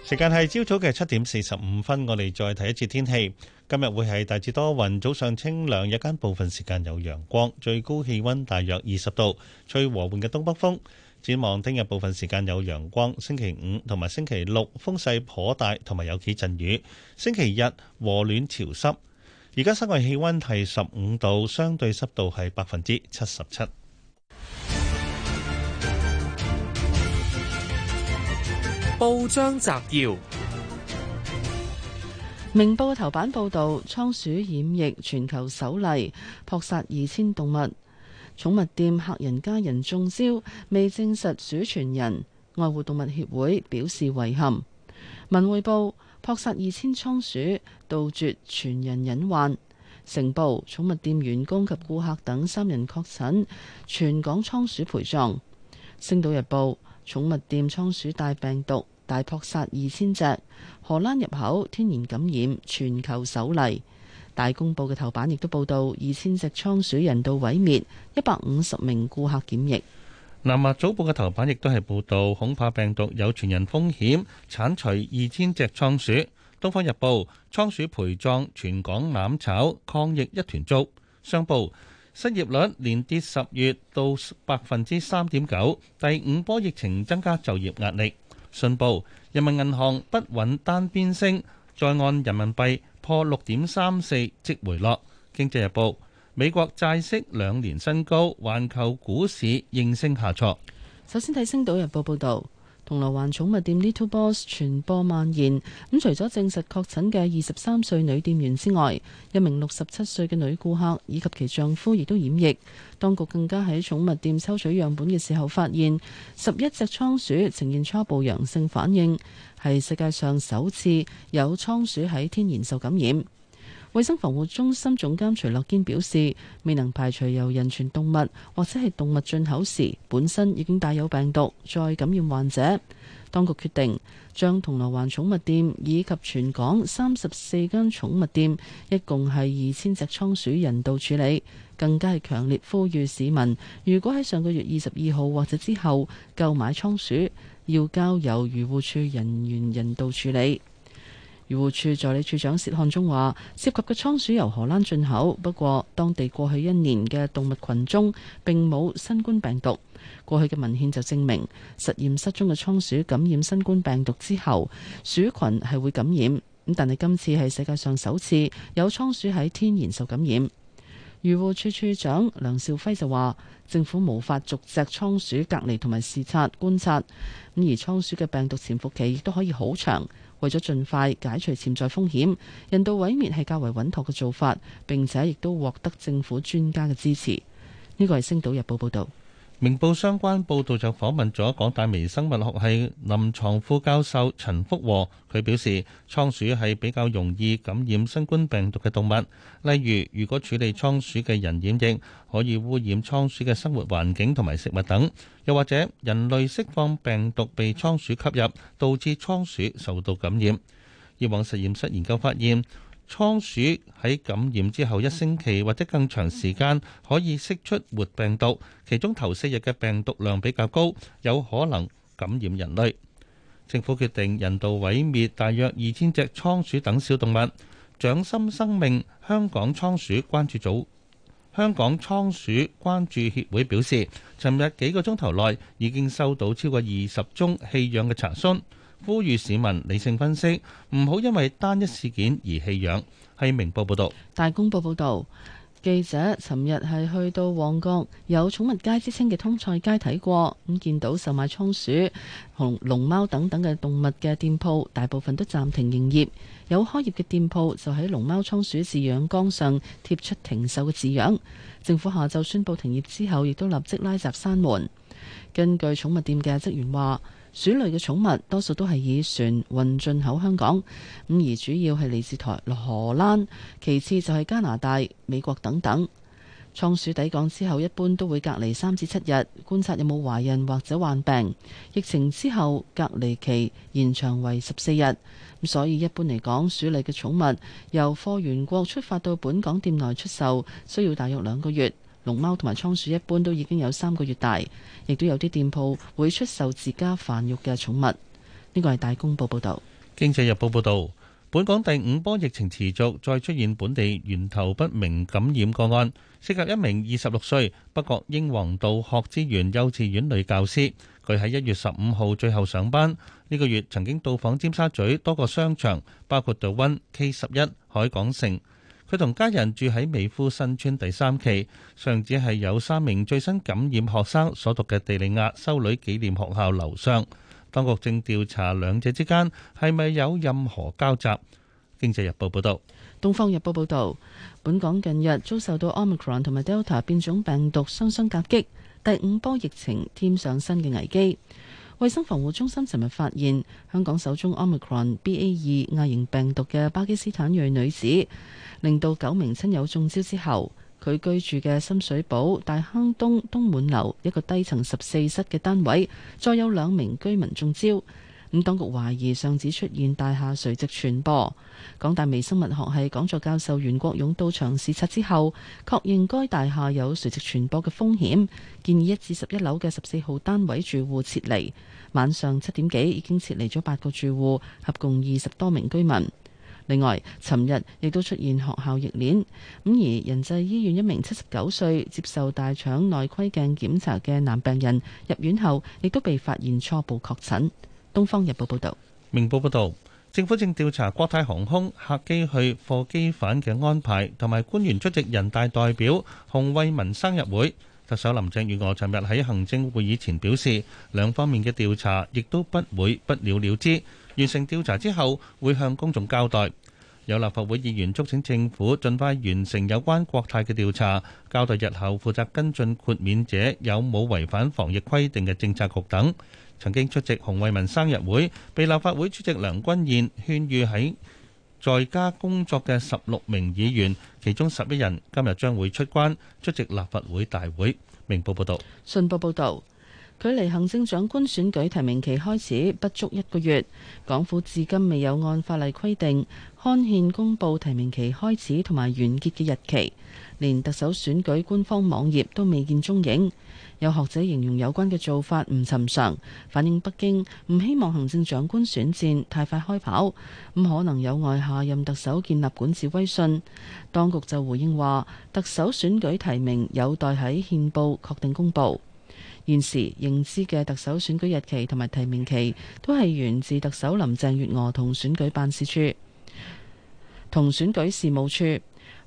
時間係朝早嘅七點四十五分，我哋再睇一次天氣。今日會係大致多雲，早上清涼，日間部分時間有陽光，最高氣溫大約二十度，吹和緩嘅東北風。展望聽日部分時間有陽光，星期五同埋星期六風勢頗大，同埋有幾陣雨。星期日和暖潮濕。而家室外氣溫係十五度，相對濕度係百分之七十七。報章摘要：明報頭版報道，倉鼠染疫全球首例，撲殺二千動物。寵物店客人家人中招，未證實鼠傳人。愛護動物協會表示遺憾。文匯報：撲殺二千倉鼠，杜絕傳人隱患。成報：寵物店員工及顧客等三人確診，全港倉鼠陪葬。星島日報：寵物店倉鼠帶病毒。大撲殺二千隻荷蘭入口，天然感染全球首例。大公報嘅頭版亦都報道，二千隻倉鼠人道毀滅，一百五十名顧客檢疫。南華早報嘅頭版亦都係報道，恐怕病毒有傳人風險，鏟除二千隻倉鼠。東方日報，倉鼠陪葬，全港攬炒抗疫一團糟。商報，失業率連跌十月，到百分之三點九，第五波疫情增加就業壓力。信報人民銀行不穩單邊升，在岸人民幣破六點三四即回落。經濟日報美國債息兩年新高，環球股市應聲下挫。首先睇星島日報報道。銅鑼灣寵物店 Little Boss 傳播蔓延，咁除咗證實確診嘅二十三歲女店員之外，一名六十七歲嘅女顧客以及其丈夫亦都染疫。當局更加喺寵物店抽取樣本嘅時候，發現十一隻倉鼠呈現初步陽性反應，係世界上首次有倉鼠喺天然受感染。衛生防護中心總監徐樂堅表示，未能排除由人傳動物或者係動物進口時本身已經帶有病毒再感染患者。當局決定將銅鑼灣寵物店以及全港三十四間寵物店，一共係二千隻倉鼠人道處理。更加係強烈呼籲市民，如果喺上個月二十二號或者之後購買倉鼠，要交由漁護處人員人道處理。漁護處助理處長薛漢忠話，涉及嘅倉鼠由荷蘭進口，不過當地過去一年嘅動物群中並冇新冠病毒。過去嘅文獻就證明，實驗室中嘅倉鼠感染新冠病毒之後，鼠群係會感染。咁但係今次係世界上首次有倉鼠喺天然受感染。漁護處處長梁肇輝就話，政府無法逐隻倉鼠隔離同埋視察觀察，咁而倉鼠嘅病毒潛伏期亦都可以好長。為咗盡快解除潛在風險，人道毀滅係較為穩妥嘅做法，並且亦都獲得政府專家嘅支持。呢個係《星島日報》報道。明報相關報導就訪問咗港大微生物學系臨牀副教授陳福和，佢表示，倉鼠係比較容易感染新冠病毒嘅動物。例如，如果處理倉鼠嘅人染疫，可以污染倉鼠嘅生活環境同埋食物等；又或者人類釋放病毒被倉鼠吸入，導致倉鼠受到感染。以往實驗室研究發現，倉鼠喺感染之後一星期或者更長時間可以釋出活病毒，其中頭四日嘅病毒量比較高，有可能感染人類。政府決定人道毀滅大約二千隻倉鼠等小動物。掌心生命香港倉鼠關注組、香港倉鼠關注協會表示，尋日幾個鐘頭內已經收到超過二十宗棄養嘅查詢。呼籲市民理性分析，唔好因為單一事件而棄養。係明報報道，大公報報道，記者尋日係去到旺角有寵物街之稱嘅通菜街睇過，咁見到售賣倉鼠、同龍貓等等嘅動物嘅店鋪，大部分都暫停營業。有開業嘅店鋪就喺龍貓、倉鼠飼養缸上貼出停售嘅字樣。政府下晝宣布停業之後，亦都立即拉閘閂門。根據寵物店嘅職員話。鼠類嘅寵物多數都係以船運進口香港，咁而主要係嚟自台荷蘭，其次就係加拿大、美國等等。倉鼠抵港之後，一般都會隔離三至七日，觀察有冇懷孕或者患病。疫情之後，隔離期延長為十四日，咁所以一般嚟講，鼠類嘅寵物由貨源國出發到本港店內出售，需要大約兩個月。龍貓同埋倉鼠一般都已經有三個月大，亦都有啲店鋪會出售自家繁育嘅寵物。呢個係大公報報導。《經濟日報》報導，本港第五波疫情持續，再出現本地源頭不明感染個案，涉及一名二十六歲北角英皇道學之園幼稚園女教師。佢喺一月十五號最後上班，呢個月曾經到訪尖沙咀多個商場，包括 The ONE、K 十一、海港城。佢同家人住喺美孚新村第三期，上址係有三名最新感染學生所讀嘅地利亞修女紀念學校樓上，當局正調查兩者之間，係咪有任何交集。經濟日報報道，東方日報報道，本港近日遭受到 Omicron 同埋 Delta 變種病毒雙雙夾擊，第五波疫情添上新嘅危機。衛生防護中心尋日發現，香港首宗 Omicron BA.2 亞型病毒嘅巴基斯坦裔女子，令到九名親友中招之後，佢居住嘅深水埗大坑東東滿樓一個低層十四室嘅單位，再有兩名居民中招。咁，當局懷疑上址出現大廈垂直傳播。港大微生物學系講座教授袁國勇到場視察之後，確認該大廈有垂直傳播嘅風險，建議一至十一樓嘅十四號單位住戶撤離。晚上七點幾已經撤離咗八個住戶，合共二十多名居民。另外，尋日亦都出現學校疫鏈。咁而仁濟醫院一名七十九歲接受大腸內窺鏡檢查嘅男病人入院後，亦都被發現初步確診。《東方日報》報導，《明報》報導，政府正調查國泰航空客機去貨機返嘅安排，同埋官員出席人大代表洪為民生日會。特首林鄭月娥尋日喺行政會議前表示，兩方面嘅調查亦都不會不了了之，完成調查之後會向公眾交代。有立法會議員促請政府盡快完成有關國泰嘅調查，交代日後負責跟進豁免者有冇違反防疫規定嘅政策局等。曾經出席洪為民生日會，被立法會主席梁君彥勸喻喺在家工作嘅十六名議員，其中十一人今日將會出關出席立法會大會。明報報道，信報報道，距離行政長官選舉提名期開始不足一個月，港府至今未有按法例規定刊憲公佈提名期開始同埋完結嘅日期，連特首選舉官方網頁都未見蹤影。有學者形容有關嘅做法唔尋常，反映北京唔希望行政長官選戰太快開跑，咁可能有礙下任特首建立管治威信。當局就回應話，特首選舉提名有待喺憲報確定公佈，現時認知嘅特首選舉日期同埋提名期都係源自特首林鄭月娥同選舉辦事處同選舉事務處。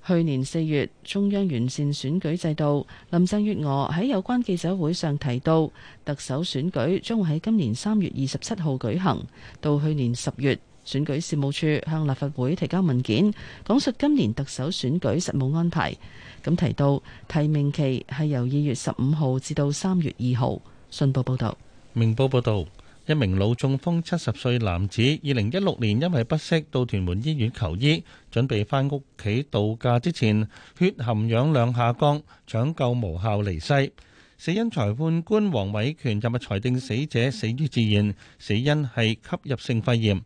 去年四月，中央完善選舉制度。林鄭月娥喺有關記者會上提到，特首選舉將會喺今年三月二十七號舉行。到去年十月，選舉事務處向立法會提交文件，講述今年特首選舉實務安排。咁提到提名期係由二月十五號至到三月二號，信報報道，明報報道。一名腦中風七十歲男子，二零一六年因為不適到屯門醫院求醫，準備翻屋企度假之前，血含氧量下降，搶救無效離世。死因裁判官黃偉權今日裁定死者死於自然，死因係吸入性肺炎。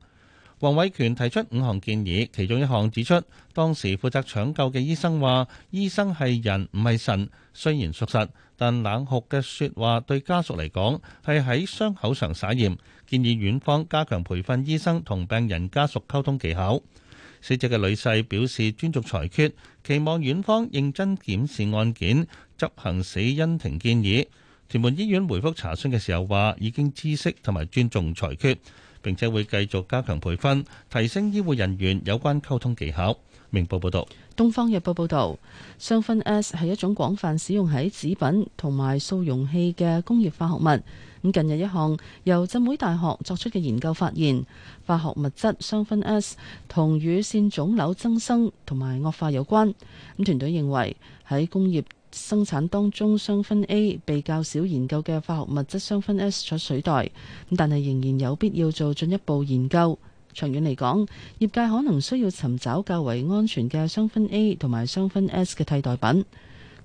黃偉權提出五項建議，其中一項指出，當時負責搶救嘅醫生話：醫生係人唔係神，雖然屬實，但冷酷嘅說話對家屬嚟講係喺傷口上撒鹽。建議院方加強培訓醫生同病人家屬溝通技巧。死者嘅女婿表示尊重裁決，期望院方認真檢視案件，執行死因庭建議。屯門醫院回覆查詢嘅時候話，已經知悉同埋尊重裁決。並且會繼續加強培訓，提升醫護人員有關溝通技巧。明報報道：《東方日報》報導，雙酚 S 係一種廣泛使用喺紙品同埋塑容器嘅工業化學物。咁近日，一項由浸會大學作出嘅研究發現，化學物質雙酚 S 同乳腺腫瘤增生同埋惡化有關。咁團隊認為喺工業生產當中雙酚 A 被較少研究嘅化學物質雙酚 S 所取代，但係仍然有必要做進一步研究。長遠嚟講，業界可能需要尋找較為安全嘅雙酚 A 同埋雙酚 S 嘅替代品。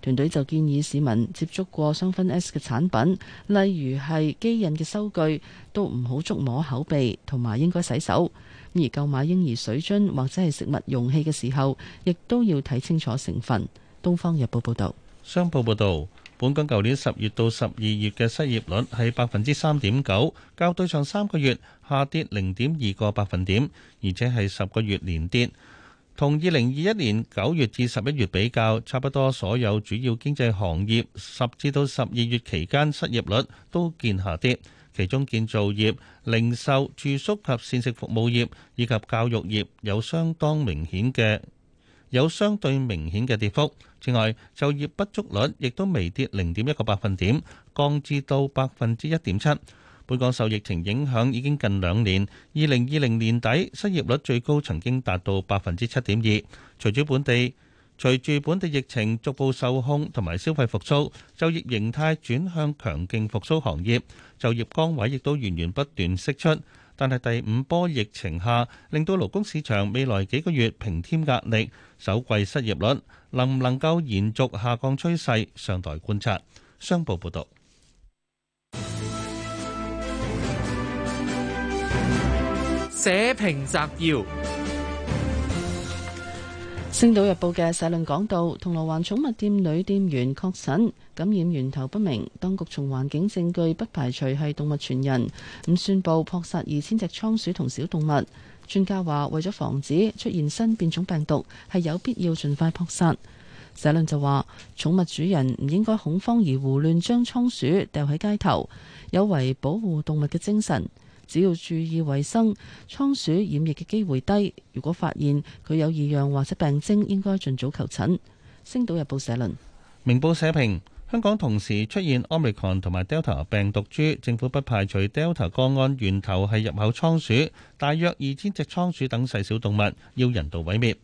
團隊就建議市民接觸過雙酚 S 嘅產品，例如係機印嘅收據，都唔好觸摸口鼻，同埋應該洗手。而購買嬰兒水樽或者係食物容器嘅時候，亦都要睇清楚成分。《東方日報》報道。商報報導，本港舊年十月到十二月嘅失業率係百分之三點九，較對上三個月下跌零點二個百分點，而且係十個月連跌。同二零二一年九月至十一月比較，差不多所有主要經濟行業十至到十二月期間失業率都見下跌，其中建造業、零售、住宿及膳食服務業以及教育業有相當明顯嘅有相對明顯嘅跌幅。此外，就業不足率亦都微跌零點一個百分點，降至到百分之一點七。本港受疫情影響已經近兩年，二零二零年底失業率最高曾經達到百分之七點二。隨住本地隨住本地疫情逐步受控同埋消費復甦，就業形態轉向強勁復甦行業，就業崗位亦都源源不斷釋出。但係第五波疫情下，令到勞工市場未來幾個月平添壓力。首季失業率能唔能夠延續下降趨勢，尚待觀察。商報報道。社評摘要。《星島日報》嘅社論講到，銅鑼灣寵物店女店員確診感染源頭不明，當局從環境證據不排除係動物傳人，咁宣布撲殺二千隻倉鼠同小動物。專家話為咗防止出現新變種病毒，係有必要盡快撲殺。社論就話，寵物主人唔應該恐慌而胡亂將倉鼠丟喺街頭，有違保護動物嘅精神。只要注意衞生，倉鼠染疫嘅機會低。如果發現佢有異樣或者病徵，應該盡早求診。星島日報社論，明報社評：香港同時出現 Omicron 同埋 Delta 病毒株，政府不排除 Delta 個案源頭係入口倉鼠。大約二千隻倉鼠等細小動物要人道毀滅。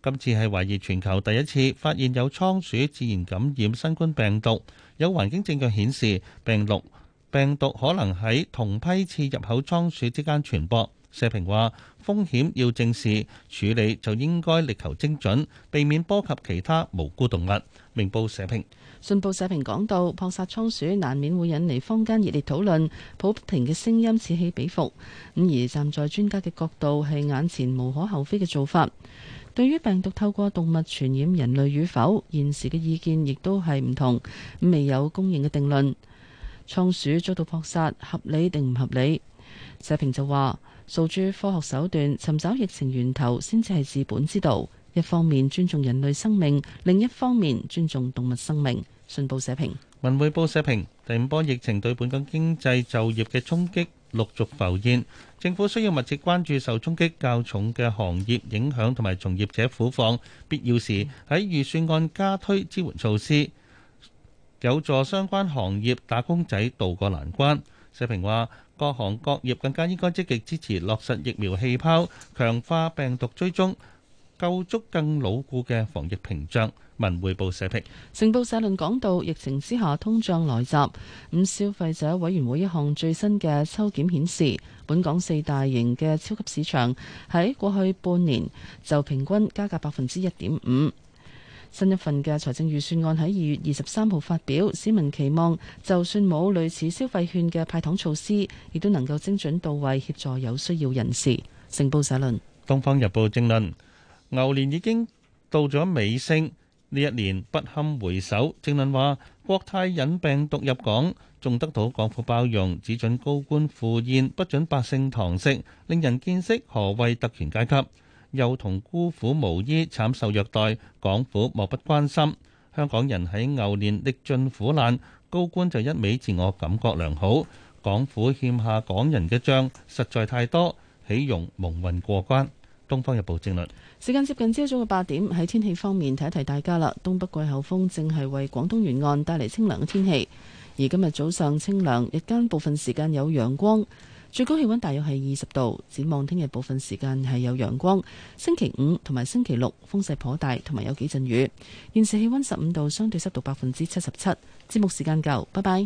今次係懷疑全球第一次發現有倉鼠自然感染新冠病毒，有環境證據顯示病毒。病毒可能喺同批次入口倉鼠之間傳播，社評話風險要正視，處理就應該力求精準，避免波及其他無辜動物。明報社評、信報社評講到，撲殺倉鼠難免會引嚟坊間熱烈討論，抱不平嘅聲音此起彼伏。咁而站在專家嘅角度，係眼前無可厚非嘅做法。對於病毒透過動物傳染人類與否，現時嘅意見亦都係唔同，未有公認嘅定論。倉鼠遭到撲殺，合理定唔合理？社評就話：訴諸科學手段尋找疫情源頭，先至係治本之道。一方面尊重人類生命，另一方面尊重動物生命。信報社評，文匯報社評。第五波疫情對本港經濟就業嘅衝擊陸續浮現，政府需要密切關注受衝擊較重嘅行業影響同埋從業者苦況，必要時喺預算案加推支援措施。有助相關行業打工仔渡過難關。社評話：各行各業更加應該積極支持落實疫苗氣泡，強化病毒追蹤，構築更牢固嘅防疫屏障。文匯報社評。成報社論講到疫情之下通脹來襲，咁消費者委員會一項最新嘅抽檢顯示，本港四大型嘅超級市場喺過去半年就平均加價百分之一點五。新一份嘅財政預算案喺二月二十三號發表，市民期望就算冇類似消費券嘅派糖措施，亦都能夠精準到位協助有需要人士。成報社論，《東方日報》正論：牛年已經到咗尾聲，呢一年不堪回首。正論話國泰引病毒入港，仲得到港府包容，只准高官赴宴，不准百姓堂食，令人見識何謂特權階級。又同孤苦無依、慘受虐待，港府漠不關心。香港人喺牛年歷盡苦難，高官就一味自我感覺良好。港府欠下港人嘅帳實在太多，豈容蒙混過關。《東方日報》正論。時間接近朝早嘅八點，喺天氣方面提一提大家啦。東北季候風正係為廣東沿岸帶嚟清涼嘅天氣，而今日早上清涼，日間部分時間有陽光。最高氣溫大約係二十度，展望聽日部分時間係有陽光。星期五同埋星期六風勢頗大，同埋有幾陣雨。現時氣溫十五度，相對濕度百分之七十七。節目時間夠，拜拜。